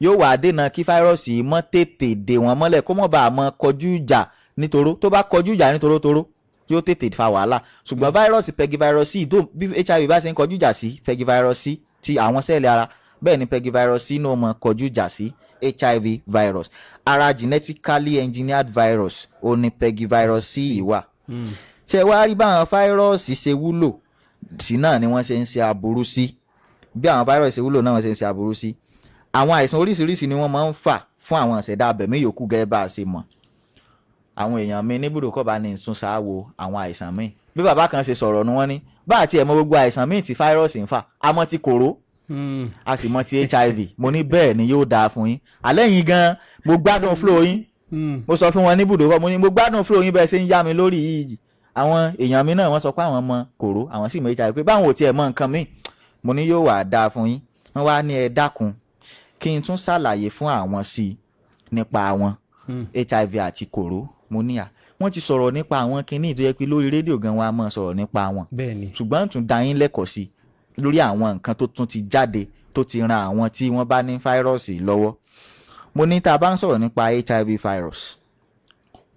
yóò wá dènà kí fáírọ́ọ̀sì yìí mọ́ tètè dè wọ́n mọ́lẹ̀ kó mọ̀ bá a mọ́ kọjú ìjà nítoró tó bá kọjú ìjà nítorótoró yóò tètè fa wàhálà ṣùgbọ́n fáírọ́ọ̀sì pẹ́gifáírọ́ọ̀sì bí HIV bá ṣe ń kọjú ìjà sí pẹ́gifáírọ́ọ̀sì ti àwọn sẹ́ẹ̀lì ara bẹ́ẹ̀ ni pegivirus c náà mọ̀ kọjú ìjà sí hiv virus ara genetically engineered virus ó ní pegivirus c ìwà hmm. ṣe wá rí báwọn fáírọ́ọ̀sì ṣe wúlò sí náà ni wọ́n ṣe ń ṣe aburú sí bí àwọn fáírọ́ọ̀sì ṣe wúlò náà wọ́n ṣe ń ṣe aburú sí àwọn àìsàn oríṣiríṣi ni wọ́n máa ń fà fún àwọn ìṣẹ̀dá abẹ̀mí yòókù gẹ́gẹ́ bá a ṣe mọ̀ àwọn èèyàn mi níbùdókọ̀ bá ní ìtúnṣàwò àwọn àìsàn míì bí bàbá kan ṣe sọ̀rọ̀ ni wọ́n ní bá àti ẹ̀mọ gbogbo àìsàn míì tí fáírọ́ọ̀sì ń fà a mọ̀ ti kòró hmm. a sì mọ̀ ti hiv mo ní bẹ́ẹ̀ ni yóò dáa fún yín àlẹ́ yín gan mo gbádùn flow yín hmm. mo sọ fún wọn ní ibùdókọ̀ mo ní mo gbádùn flow yín bẹ́ẹ̀ ṣe ń yá mi lórí yìí àwọn èèyàn mi náà wọ́n sọ pé àwọn mọ̀ kòró àwọn sì mọ̀ hiv pé báwọn ò tiẹ̀ mọ̀ nǹkan míì mo ní yóò wà dáa fún yín wọ́n wá ní ẹ dákun kí n tún ṣàlàyé fún àwọn sí i nípa àwọn hiv hmm. àti kòró mo ní à wọ́n ti sọ̀rọ̀ nípa àwọn kinní tó yẹ pé lórí rédíò gan wa máa sọ̀rọ̀ nípa wọn ṣùgbọ́n tún da yín lẹ́kọ̀ọ́ sí lórí àwọn nǹkan tó tún ti jáde tó ti ran àwọn tí wọ́n bá ní fáírọ́ọ̀sì lọ́wọ́ mo ní tá a bá ń sọ̀rọ̀ nípa HIV virus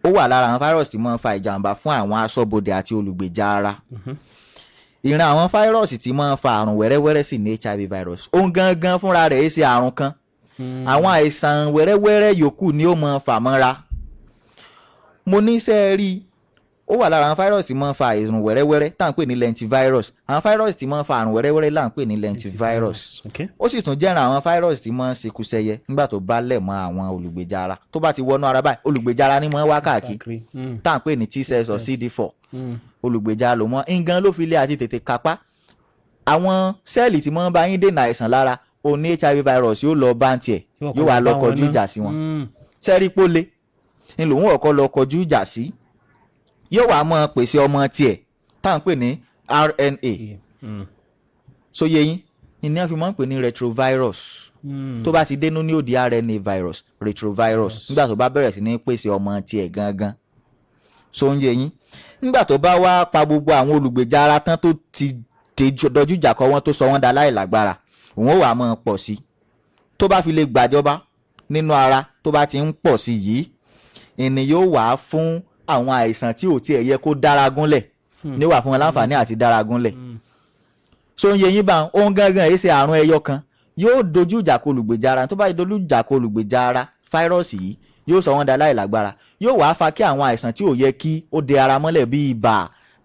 ó wà lára àwọn fáírọ́ọ̀sì tí máa ń fa ìjàmbá fún àwọn aṣọ́bodè àti olùgbèjà ara mhm. ìran àwọn fáírọ́ọ̀sì tí máa ń fa àrùn wẹ́rẹ́wẹ́rẹ́ sì ní HIV virus ó ń gangan fúnra rẹ̀ é ṣe àrùn kan hmm. àwọn àìsàn wẹ́rẹ́wẹ́rẹ́ yòókù ni ó máa fà mọ́ra mo ní sẹ́ rí i ó wà lára àwọn fáírọ̀sì máa ń fa àrùn wẹ́rẹ́wẹ́rẹ́ tá à ń pè ní lentivirus àwọn fáírọ̀sì tí máa ń fa àrùn wẹ́rẹ́wẹ́rẹ́ là ń pè ní lentivirus ó sì tún jẹ́ràn àwọn fáírọ̀sì tí máa ń ṣekúṣẹyẹ nígbà tó bá lẹ̀ mọ́ àwọn olùgbèjà ara tó bá ti wọnú ara báyìí olùgbèjà ara ni mo ń wá káàkiri hmm. tá à ń pè ní t cells or cd4 hmm. olùgbèjà ló mọ́ ngan ló fi lé àti tètè kápá àwọn sẹ́ẹ̀lì tí máa ń bá yín dènà àìsàn virus yóò lọ bá ń tiẹ̀ yóò wá lọ kọjú ìjà sí wọn hmm ń lòun ọ̀kọ́ lọ kọjú ìjà sí yóò wá mọ́ pèsè ọmọ tiẹ̀ tá à ń pè ní RNA mm. so yẹ yín ìní àfi máa ń pè ní retrovirus mm. tó bá ti dénú ní òdì RNA virus retrovirus nígbà tó bá bẹ̀rẹ̀ sí ní pèsè ọmọ tiẹ̀ gangan so ń yẹ yín nígbà tó bá wá pa gbogbo àwọn olùgbèjà ara tán tó ti dojú ìjà kọ wọn tó sọ wọn da láìlágbára òun ó wà máa pọ̀ sí tó bá fi lè gbàjọba nínú ara tó bá ti ń pọ̀ sí yìí ìní yóò wà fún àwọn àìsàn tí ò tiẹ̀ yẹ kó dára gúnlẹ̀ hmm. ní wà fún wọn àti dára gúnlẹ̀ hmm. so ń yẹ yín bá òun gangan èyí ṣe àrùn ẹyọ kan yóò dojú ìjà kọ olùgbèjà ara tó bá yẹ dojú ìjà kọ olùgbèjà ara fáírọ́ọ̀sì yìí yóò sọ wọ́n da láìlágbára yóò wá fa kí àwọn àìsàn tí ò yẹ kí ó de ara mọ́lẹ̀ bí ibà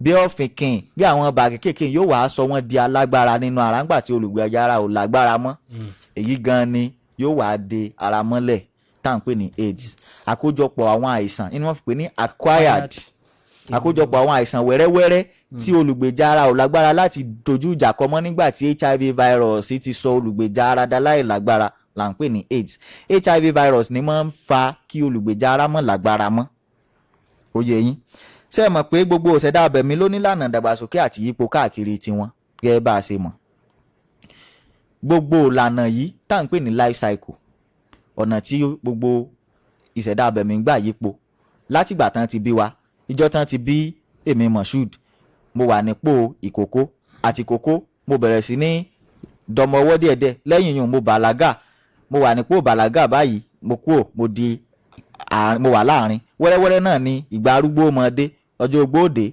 bí ọ̀fìnkìn bí àwọn ọba kékèké yóò wá sọ wọ́n di alágbára nínú ara tí olùgbèjà ara ò lágbára mọ́ hmm. èyí gan ni yóò wá de ara mọ́lẹ̀ tá à ń aids àkójọpọ̀ àwọn àìsàn inú wọn fi pè ní acquired àkójọpọ̀ àwọn àìsàn wẹ́rẹ́wẹ́rẹ́ hmm. tí olùgbèjà ara ò lágbára láti dojú ìjà kọ nígbà tí hiv virus ti sọ olùgbèjà ara dá láì lágbára là ń pè ní aids hiv virus ni máa ń fa kí olùgbèjà ara mọ́ lágbára mọ́ òye yín ṣé ẹ mọ̀ pé gbogbo òṣèdá abẹ̀mí ló nílànà ìdàgbàsókè àti yípo káàkiri tiwọn gẹ́gẹ́ bá a ṣe mọ̀ gbogbo ìlànà yìí tá à ń pè ní life cycle ọ̀nà tí gbogbo ìṣẹ̀dá abẹ̀mí ń gbà yípo látìgbà tán ti bí wa ìjọ tán ti bí èmi Moshood mo wà nípò ìkókó àti kókó mo bẹ̀rẹ̀ sí ní dọmọ ọwọ́ díẹ̀díẹ̀ lẹ́yìn yìí mo bàlágà mo wà nípò bàlágà báyìí mo kúrò mo di mo wà láàrin wẹ́rẹ́wẹ́rẹ́ náà ni ìgbà arúgbó ọmọdé ọjọ́ ogbó òde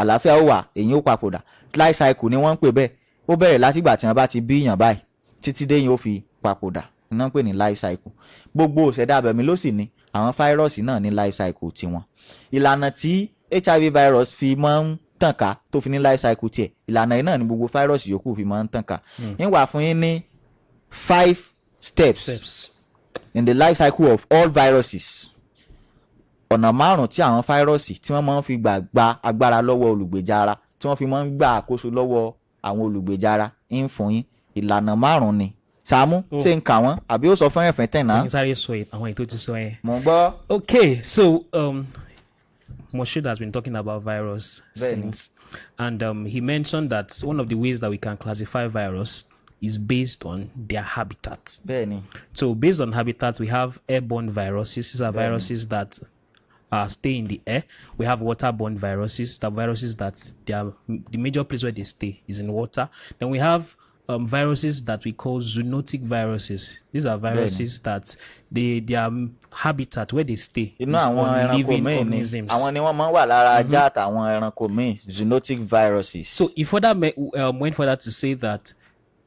àlàáfíà ó wà èyí ó papòdà life cycle ni wọ́n ń pè bẹ́ẹ̀ ó bẹ̀rẹ̀ látìgbà tí wọ́n bá ti bí èèyàn báyìí títí déyìn ó fi papòdà iná pè ní life cycle gbogbo òṣèdá abẹ̀mí ló sì ni àwọn fáírọ́ọ̀sì náà ní life cycle tiwọn ìlànà tí hiv virus fi máa ń tàn ká tó fi ní life cycle tiẹ̀ ìlànà yìí náà ni gbogbo fáírọ́ọ̀sì yòókù fi máa ń tàn ká ń hmm. wà fún yín ní five steps, steps in the life cycle of all viruses ọ̀nà márùn tí àwọn fáírọ́ọ̀sì tí wọ́n máa ń fi gbà gba agbára lọ́wọ́ olùgbèjà ara tí wọ́n fi máa ń gba àkóso lọ́wọ́ àwọn olùgbèjà ara ń fún yín ìlànà márùn ni sàmú ṣe ń kà wọn àbí ó sọ fún ẹ̀fẹ̀ tẹ̀ okay so um, Moshood has been talking about virus since and um, he mentioned that one of the ways that we can classify virus is based on their habitat. So based on habitat we have airborne viruses these are viruses that uh, stay in the air. We have waterborne viruses, the viruses that they are, the major place where they stay is in water. Then we have um, viruses that we call zoonotic viruses. These are viruses Then. that they their habitat where they stay. Inú àwọn ẹranko míì ni àwọn ni wọ́n máa ń wà lára mm-hmm. ajá àtàwọn ẹranko míì zoonotic viruses. So he further me, um, went further to say that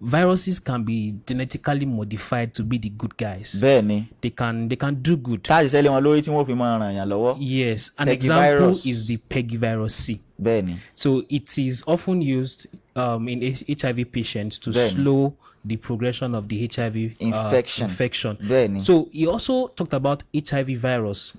viruses can be genetically modified to be the good guys. Bẹ́ẹ̀ni. They can they can do good. Táàsì sẹ́lẹ̀ wọn lórí tí wọ́n fi máa ràn yàn lọ́wọ́. Yes, an Pegivirus. example is the Pegivirus C. Bẹ́ẹ̀ni. So it is often used um, in HIV patients to slow the progression of the HIV infection. Uh, infection. So he also talked about HIV virus.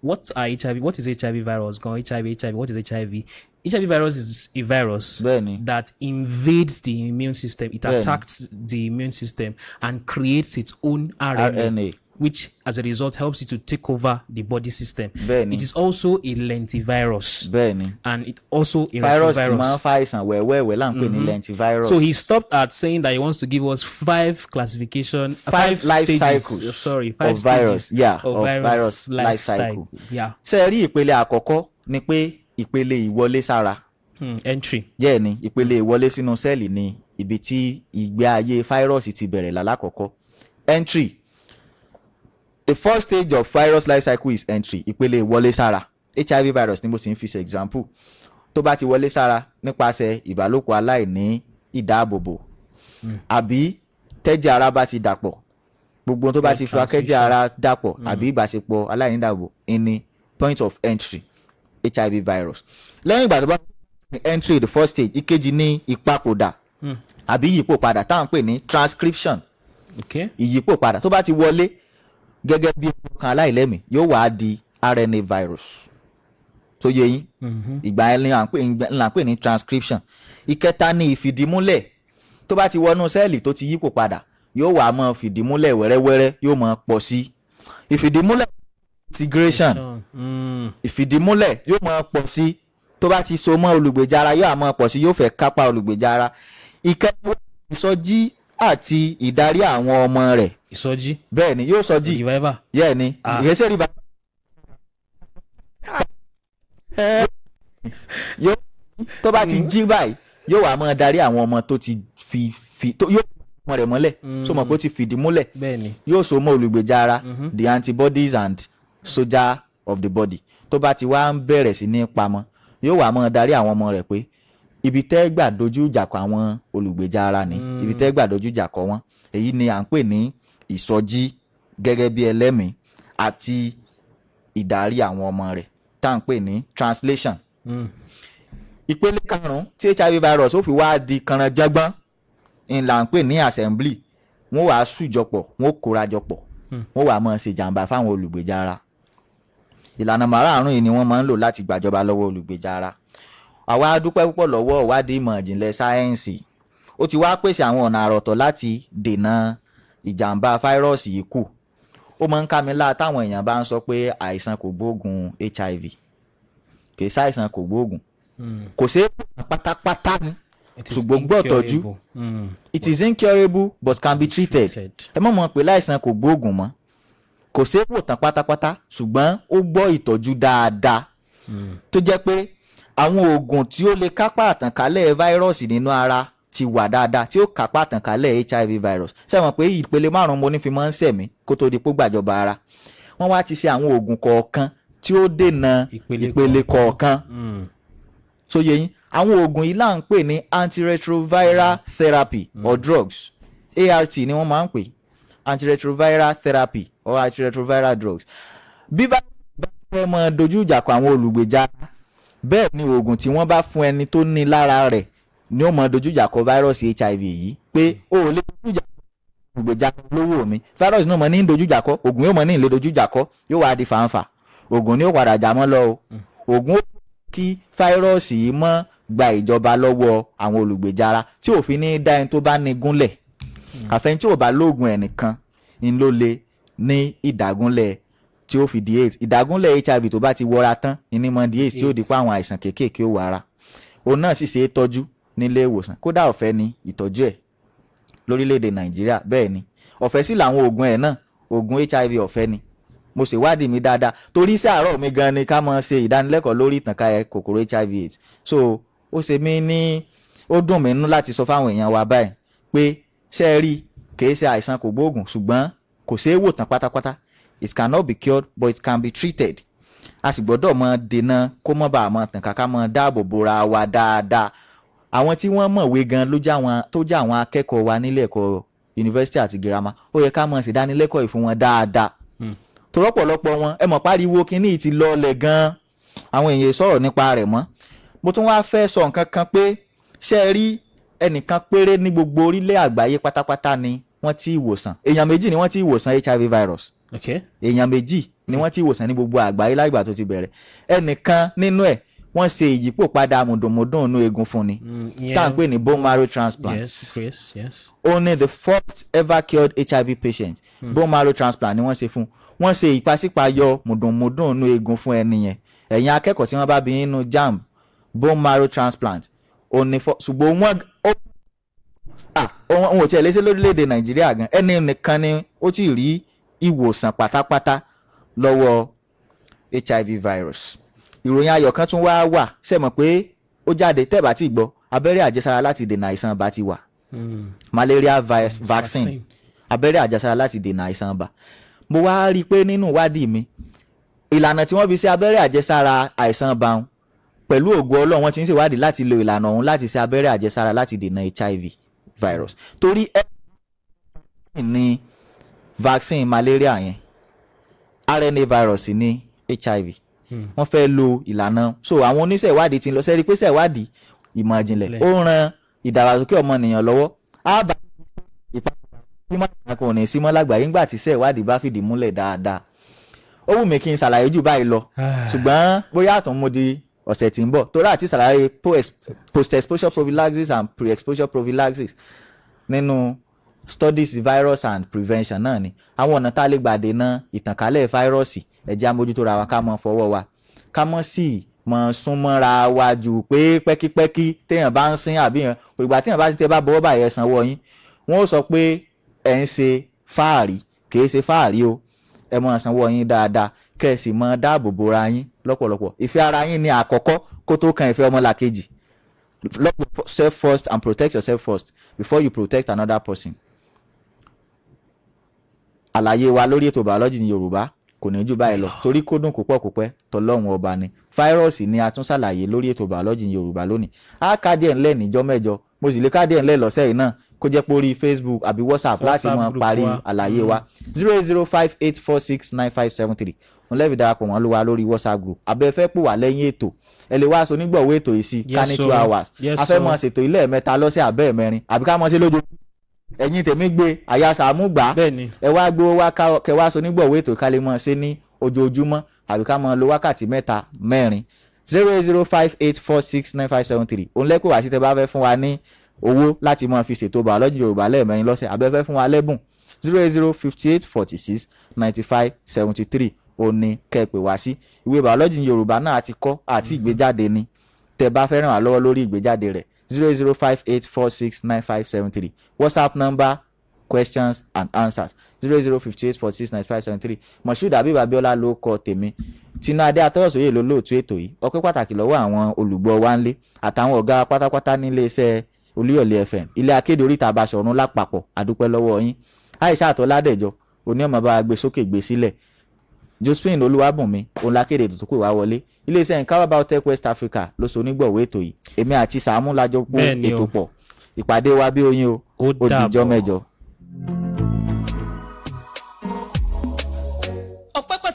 What are HIV? What is HIV virus? Gone HIV, HIV. What is HIV? HIV virus is a virus that invades the immune system. It attacks the immune system and creates its own RNA. RNA which as a result helps it to take over the body system. Bẹ́ẹ̀ni. It is also a lentivirus. Bẹ́ẹ̀ni. And it also a retrovirus. Virus ti máa ń fa àìsàn wẹ̀wẹ̀wẹ̀ là ní mm-hmm. lentivirus. So he stopped at saying that he wants to give us five classification. Five, five life stages, cycles. Oh, sorry, five of stages virus, yeah, of, of virus, life, cycle. Yeah. Ṣé rí ìpele àkọ́kọ́ ni pé ìpele ìwọlé sára. Hmm, entry. Yẹ́ẹ̀ ni ìpele ìwọlé sínú sẹ́ẹ̀lì ni ibi tí ìgbé ayé fáírọ́ọ̀sì ti bẹ̀rẹ̀ lálákọ̀ọ́kọ́. entry the first stage of virus life cycle is entry ìpele ìwọlé sára hiv virus ni mo sì ń fi ṣe example tó bá ti wọlé sára nípasẹ̀ ìbálòpọ̀ aláìní ìdáàbòbò hmm. àbí tẹ́jẹ̀ ara bá ti dàpọ̀ gbogbo ohun tó bá ti fa kẹ́jẹ̀ ara dàpọ̀ hmm. àbí ìbáṣepọ̀ aláìní ìdáàbò ìní point of entry hiv virus lẹ́yìn ìgbà tó bá entry the first stage ìkejì ní ìpapòdà hmm. àbí ìyípo padà táwọn pè ní transcription ìyípo padà tó bá ti wọlé gẹ́gẹ́ bí epo kan aláìlẹ́mì yóò wá di RNA virus tó yẹ yín mm-hmm. ìgbà ni là ní transcription ìkẹta ni ìfìdímúlẹ̀ tó bá ti wọnú sẹ́ẹ̀lì tó ti yípo padà yóò wá mọ fìdímúlẹ̀ wẹ́rẹ́wẹ́rẹ́ yóò mọ pọ̀ sí ìfìdímúlẹ̀ integration mm. ìfìdímúlẹ̀ yóò mọ pọ̀ sí tó bá ti so mọ́ olùgbèjà ara yóò mọ pọ̀ sí yóò fẹ́ kápá olùgbèjà ara ìkẹta ìsọjí àti ìdarí àwọn ọmọ rẹ̀. ìsọjí. bẹ́ẹ̀ ni yóò sọjí. revival. yẹ ni ah. ìyẹsẹ revival. yóò tó bá ti mm-hmm. jí báyìí yóò wá máa darí àwọn ọmọ tó ti fi fi tó yóò ọmọ rẹ̀ mọ́lẹ̀ so mọ̀ pé ó ti fìdí múlẹ̀ yóò so mọ́ olùgbèjà ara mm-hmm. the antibodies and soldier of the body tó bá ti wá ń bẹ̀rẹ̀ sí ní pamọ́ yóò wá máa darí àwọn ọmọ rẹ̀ pé ibi tẹ́ gbà dojú ìjà àwọn olùgbèjà ara ni ibi tẹ́ gbà dojú ìjà kọ wọn hmm. èyí ni à ń pè ní ìsọjí gẹ́gẹ́ bí ẹlẹ́mìí àti ìdarí àwọn ọmọ rẹ̀ tá à ń pè ní translation. Mm. ìpele karùn-ún tí hiv virus ó fi wá di kanranjágbọ́n ń là ń pè ní assembly wọ́n wàá sùjọpọ̀ wọ́n kórajọpọ̀ hmm. wọ́n wàá máa ṣe jàǹbá fáwọn olùgbèjà ara ìlànà márààrún yìí ni wọ́n máa ń lò láti gbàjọba lọ́wọ́ olùgbèjà ara àwa dúpẹ́ púpọ̀ lọ́wọ́ ìwádìí ìmọ̀ ìjìnlẹ̀ sáyẹ́ǹsì ó ti wá pèsè àwọn ọ̀nà àròtọ̀ láti dènà ìjàmbá fáírọ́ọ̀sì yìí kù ó máa ń ká mi láà táwọn èèyàn bá ń sọ pé àìsàn kò gbóògùn HIV kì í ṣàìsàn kò gbóògùn hmm. kò ṣeé kó pátápátá ni ṣùgbọ́n gbọ́ tọ́jú hmm. it is incurable but can be treated ẹ mọ̀ mọ̀ pé láìsàn kò gbóògùn mọ́ kò ṣeé wò pátápátá ṣùgbọ́n ó gbọ́ ìtọ́jú dáadáa hmm. tó jẹ́ pé àwọn oògùn tí ó lè kápá àtànkálẹ̀ fáírọ́ọ̀sì nínú ara ti wà dáadáa tí ó kápá àtànkálẹ̀ hiv virus sẹ́wọ̀n pé ìpele márùn-ún mo ní fi máa ń sẹ̀mí kó tó di pó gbàjọba ara wọ́n wá ti ṣe àwọn oògùn kọ̀ọ̀kan tí ó dènà ìpele kọ̀ọ̀kan so hmm. yẹ yín àwọn oògùn yìí là ń pè ní antiretroviral hmm. therapy hmm. or drugs art ni wọ́n máa ń pè antiretroviral therapy or antiretroviral drugs bí bá fẹ́ mọ dojú ìjà kọ àwọn olùgbèjà bẹ́ẹ̀ ni oògùn tí wọ́n bá fún ẹni tó ní lára rẹ̀ ni ó mọ dojújà kọ fáírọ́ọ̀sì hiv yìí pé o ò lè dojújà ìgbèjà lówó mi fáírọ́ọ̀sì náà mọ ní dojújà kọ oògùn yóò mọ ní ìlé dojújà kọ yóò wá di fàǹfà oògùn ni ó padà já mọ́ lọ o hmm. oògùn ó kí fáírọ́ọ̀sì yìí mọ́ gba ìjọba lọ́wọ́ àwọn olùgbèjà ara tí òfin ní dá ẹni tó bá ní gúnlẹ̀ hmm. àfẹ́yìn tí ò bá lóògùn ẹnìkan ń ló le ní ìdágúnlẹ̀ tí ó fi di aids ìdágúnlẹ̀ hiv tó bá ti wọra tán ìnímọ̀ di aids tí ó di pa àwọn àìsàn kéékèèké ó wàrà òun náà sì ṣe é tọ́jú nílé ìwòsàn kódà ọ̀fẹ́ ni ìtọ́jú ẹ̀ lórílẹ̀‐èdè nàìjíríà bẹ́ẹ̀ ni ọ̀fẹ́ sì làwọn oògùn ẹ̀ náà oògùn hiv ọ̀fẹ́ ni mo ṣe wádìí mi dáadáa torí iṣẹ́ àárọ̀ mi gan ni ká máa ṣe ìdánilẹ́kọ̀ọ́ lórí ìtànká ẹ̀ kòkòrò hiv aids so ó ṣe mí ní ó dùn mí nú láti sọ fáwọn èèyàn wa báyìí pé ṣe é rí ṣe àìsàn kò ṣùgbọ́n kò ṣeé wò tán pátápátá it cannot be cured but it can be treated a sì gbọ́dọ̀ mọ dènà kó mọ́ bàa mọ tàn kàkà mọ dáàbò bora wa dáadáa àwọn tí wọ́n mọ̀wé gan ló tó já àwọn akẹ́kọ̀ọ́ wa nílé ẹ̀kọ́ yunifásitì àti girama ó yẹ ká mọ̀ ṣèdánilẹ́kọ̀ọ́ ìfún wọn dáadáa hmm. torọ́pọ̀lọpọ̀ wọn ẹ mọ̀ pariwo kínní ti lọlẹ̀ gan àwọn èèyàn sọ̀rọ̀ nípa rẹ̀ mọ́ mo tún wáá fẹ́ sọ nǹkan kan pé ṣé ẹ rí ẹnìkan péré ní gbogbo orílẹ̀ àgbáyé pátápátá ni wọ́n ti ìwòsàn èèyàn méjì ni wọ́n ti ìwòsàn HIV virus èèyàn méjì ni wọ́n ti wòsàn ní gbogbo àgbáyé lágbà tó ti bẹ̀rẹ̀ ẹnìkan nínú ẹ̀ wọ́n ṣe ìyípo padà mùdùnmùdùn inú eegun fún ni mm, tá à ń pè ní bone marrow transplant yes, Chris, yes. only the first ever cured HIV patient hmm. bone marrow transplant ni wọ́n ṣe fún wọ́n ṣe ìpàsípàyọ mùdùnmùdùn inú eegun fún ẹni yẹn ẹ̀yin akẹ́kọ̀ọ́ tí wọ́n bá bí nínú JAMB bone marrow transplant òní fọ ṣùgbọ́n wọ́n ó ah òun ò tiẹ̀ léṣe lórílẹ̀‐èdè Nàìjíríà gan ẹni nìkan ni ó ti rí ìwòsàn pátápátá lọ́wọ́ HIV virus ìròyìn ayọ̀ kan tún wá wà ṣe mọ̀ pé ó jáde tẹ́ẹ̀bà tí gbọ́ abẹ́rẹ́ àjẹsára láti dènà àìsàn bá ti wà hmm. malaria vaccine abẹ́rẹ́ àjẹsára láti dènà àìsàn bá mo wá rí i pé nínú ìwádìí mi ìlànà tí wọ́n fi ṣe abẹ́rẹ́ àjẹsára àìsàn bá wọn pẹ̀lú ògo ọlọ́run wọ́n ti ń ṣèwádìí láti lo ìlànà ọ̀hún láti ṣe abẹ́rẹ́ àjẹsára láti dènà HIV virus torí ẹ ní vaccine malaria yẹn RNA virus ni HIV hmm. wọ́n fẹ́ lo ìlànà so àwọn oníṣẹ́ ìwádìí ti ń lọ sẹ́rí pé ṣèwádìí ìmọ̀ ìjìnlẹ̀ ó ran ìdàgbàsókè ọmọnìyàn lọ́wọ́ á bá ìpàdé kò ní símọ́ lágbàáyé ńgbà tí ṣèwádìí bá fìdí múlẹ̀ dáadáa ó wù mí kí n ṣàlàyé jù báyìí lọ ah. ṣùgbọ́n bóyá àtúnmú di ọ̀sẹ̀ tí ń bọ̀ torí àti ṣàlàyé post exposure prophylaxis and pre exposure prophylaxis nínú studies virus and prevention náà ni àwọn ọ̀nà tá a lè gbà dènà ìtànkálẹ̀ fáírọ́ọ̀sì ẹ̀jẹ̀ amójútó ra wa ká mọ fọwọ́ wa ká mọ̀ sí mọ̀ súnmọ́ra wa jù pé pẹ́kípẹ́kí téèyàn bá ń sín àbí yẹn òrìgbà téèyàn bá ti tẹ́ bá bọ́wọ́ báyìí ẹ sanwó yín wọ́n ó sọ pé ẹ̀ ń ṣe fáàrí kì í ṣe fáàrí o ẹ mọ̀ sanwó yín dáadáa kẹ́ ẹ sì mọ̀ dáàbò bora yín lọ́pọ̀lọpọ̀ ìfẹ́ ara yín ni àkọ́kọ́ kó tó kan ìfẹ́ ọmọlàkejì love self first and protect yourself first before you protect another person àlàyé wa lórí ètò bàọ́lọ́jì ní Yorùbá kò ní jù báyìí lọ ah. torí kó dùn púpọ̀ kó tọlọ́run ọba ni fáírọ́ọ̀sì ni a tún ṣàlàyé lórí ètò bàọ́lọ́jì yorùbá lónìí a ká díẹ̀ ńlẹ̀ níjọ́ mẹ́jọ mo sì lè ká díẹ̀ ńlẹ̀ lọ́sẹ̀ yìí náà kó jẹ́ pórí facebook àbí whatsapp láti mọ parí àlàyé wa mm-hmm. zero eight zero five eight four six nine five seven three n lẹ́bi darapọ̀ wọ́n ló wa lórí whatsapp group abẹ́fẹ́ pò wá lẹ́yìn ètò ẹ lè wá aṣọ onígbọ̀wọ́ ètò yìí sí ká ní two hours afẹ́ mọ̀ ṣètò ilé ẹ̀mẹ́ta lọ́sẹ̀ àbẹ́ẹ̀mẹ́rin àbí ká mọ̀ ṣe lójoojúmọ́ ẹ̀yin tèmi gbé àyà sàmú gbà á ẹ wá gbé wá kẹ wá so nígbọ̀wé ètò ìkálẹ̀ mọ́ ṣe ní ojoojúmọ́ àbí ká mọ́ lo wákàtí mẹ́ta mẹ́rin zero eight zero five eight four six nine five seven three òun lẹ́kọ̀ọ́ àti tẹ́ bá fẹ́ fún wa ní owó láti máa fi ṣètò bàọ́lọ́jì Yorùbá lẹ́ẹ̀mẹ́rin lọ́sẹ̀ àbẹ́fẹ́ fún wa lẹ́bùn zero eight zero fifty eight forty six ninety five seventy three òun ni kẹ́ ẹ pè wá sí ìwé bàọ́lọ́jì Yorùbá náà àti kọ́ àti ìgbéjáde ni tẹ́ bá fẹ́ràn wá lọ́wọ́ lórí ìgbéjáde rẹ̀ zero zero five eight four six nine five seven three whatsapp number questions and answers zero zero fifty eight forty six ninety five seven three moshood abib abiola ló kọ tèmi tinú adé atọ́yọ̀sóyè ló lóòtú ètò yìí ọpẹ́ pàtàkì lọ́wọ́ àwọn olùgbọ́ wa ńlé àtàwọn ọ̀gá pátápátá nílé iṣẹ́ fm ilé akéde oríta abasọ̀run lápapọ̀ àdúpẹ́ lọ́wọ́ yín aisha àtọ́ládẹ́jọ oníyànmọ́ bá gbé sókè gbé sílẹ̀ josephine olúwàbùnmi òun la kéde ètò tó pè wá wọlé iléeṣẹ́ nkawa biotech west africa ló so onígbọ̀wé ètò yìí èmi àti sàámú la jọ pé ètò pọ̀ ìpàdé wa bí oyin o ó dìjọ́ mẹ́jọ.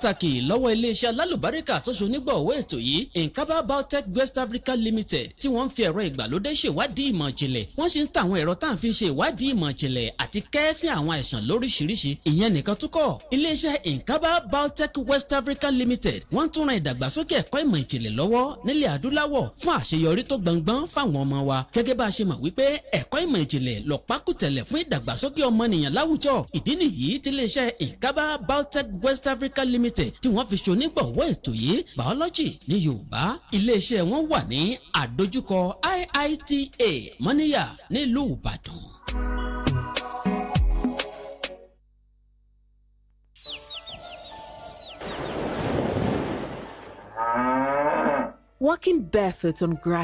pàtàkì lọ́wọ́ iléeṣẹ́ alálùbáríkà tó ṣe onígbọ̀wọ́ ètò yìí nkaba biotech west africa limited tí wọ́n ń fi ẹ̀rọ ìgbàlódé ṣèwádìí ìmọ̀ ìjìnlẹ̀ wọ́n sì ń ta àwọn ẹ̀rọ tá à ń fi ṣe ìwádìí ìmọ̀ ìjìnlẹ̀ àti kẹ́ẹ́fín àwọn àìsàn lóríṣiríṣi ìyẹn nìkan tó kọ́ iléeṣẹ́ nkaba biotech west africa limited wọ́n tún ran ìdàgbàsókè ẹ̀kọ́ ìmọ̀ ìjìnlẹ̀ lọ́wọ́ nílẹ̀ adúláwọ̀ fún àṣeyọrí tó gbọngbọ́n fáwọn ọmọ wa gẹ́gẹ́ bá a ṣe mọ̀ wípé ẹ̀kọ́ ìmọ̀ ìjìnlẹ̀ lọ́pàkùtẹ̀lẹ̀ fún ìdàgbàsókè ọmọnìyàn láwùjọ ìdí nìyí tí west africa limited limited tí wọ́n fi ṣonígbọ̀wọ́ ètò yìí biology ní yorùbá iléeṣẹ́ wọn wà ní àdójúkọ IITA mọ́níyà nílùú ìbàdàn. Walking barefoot on grass.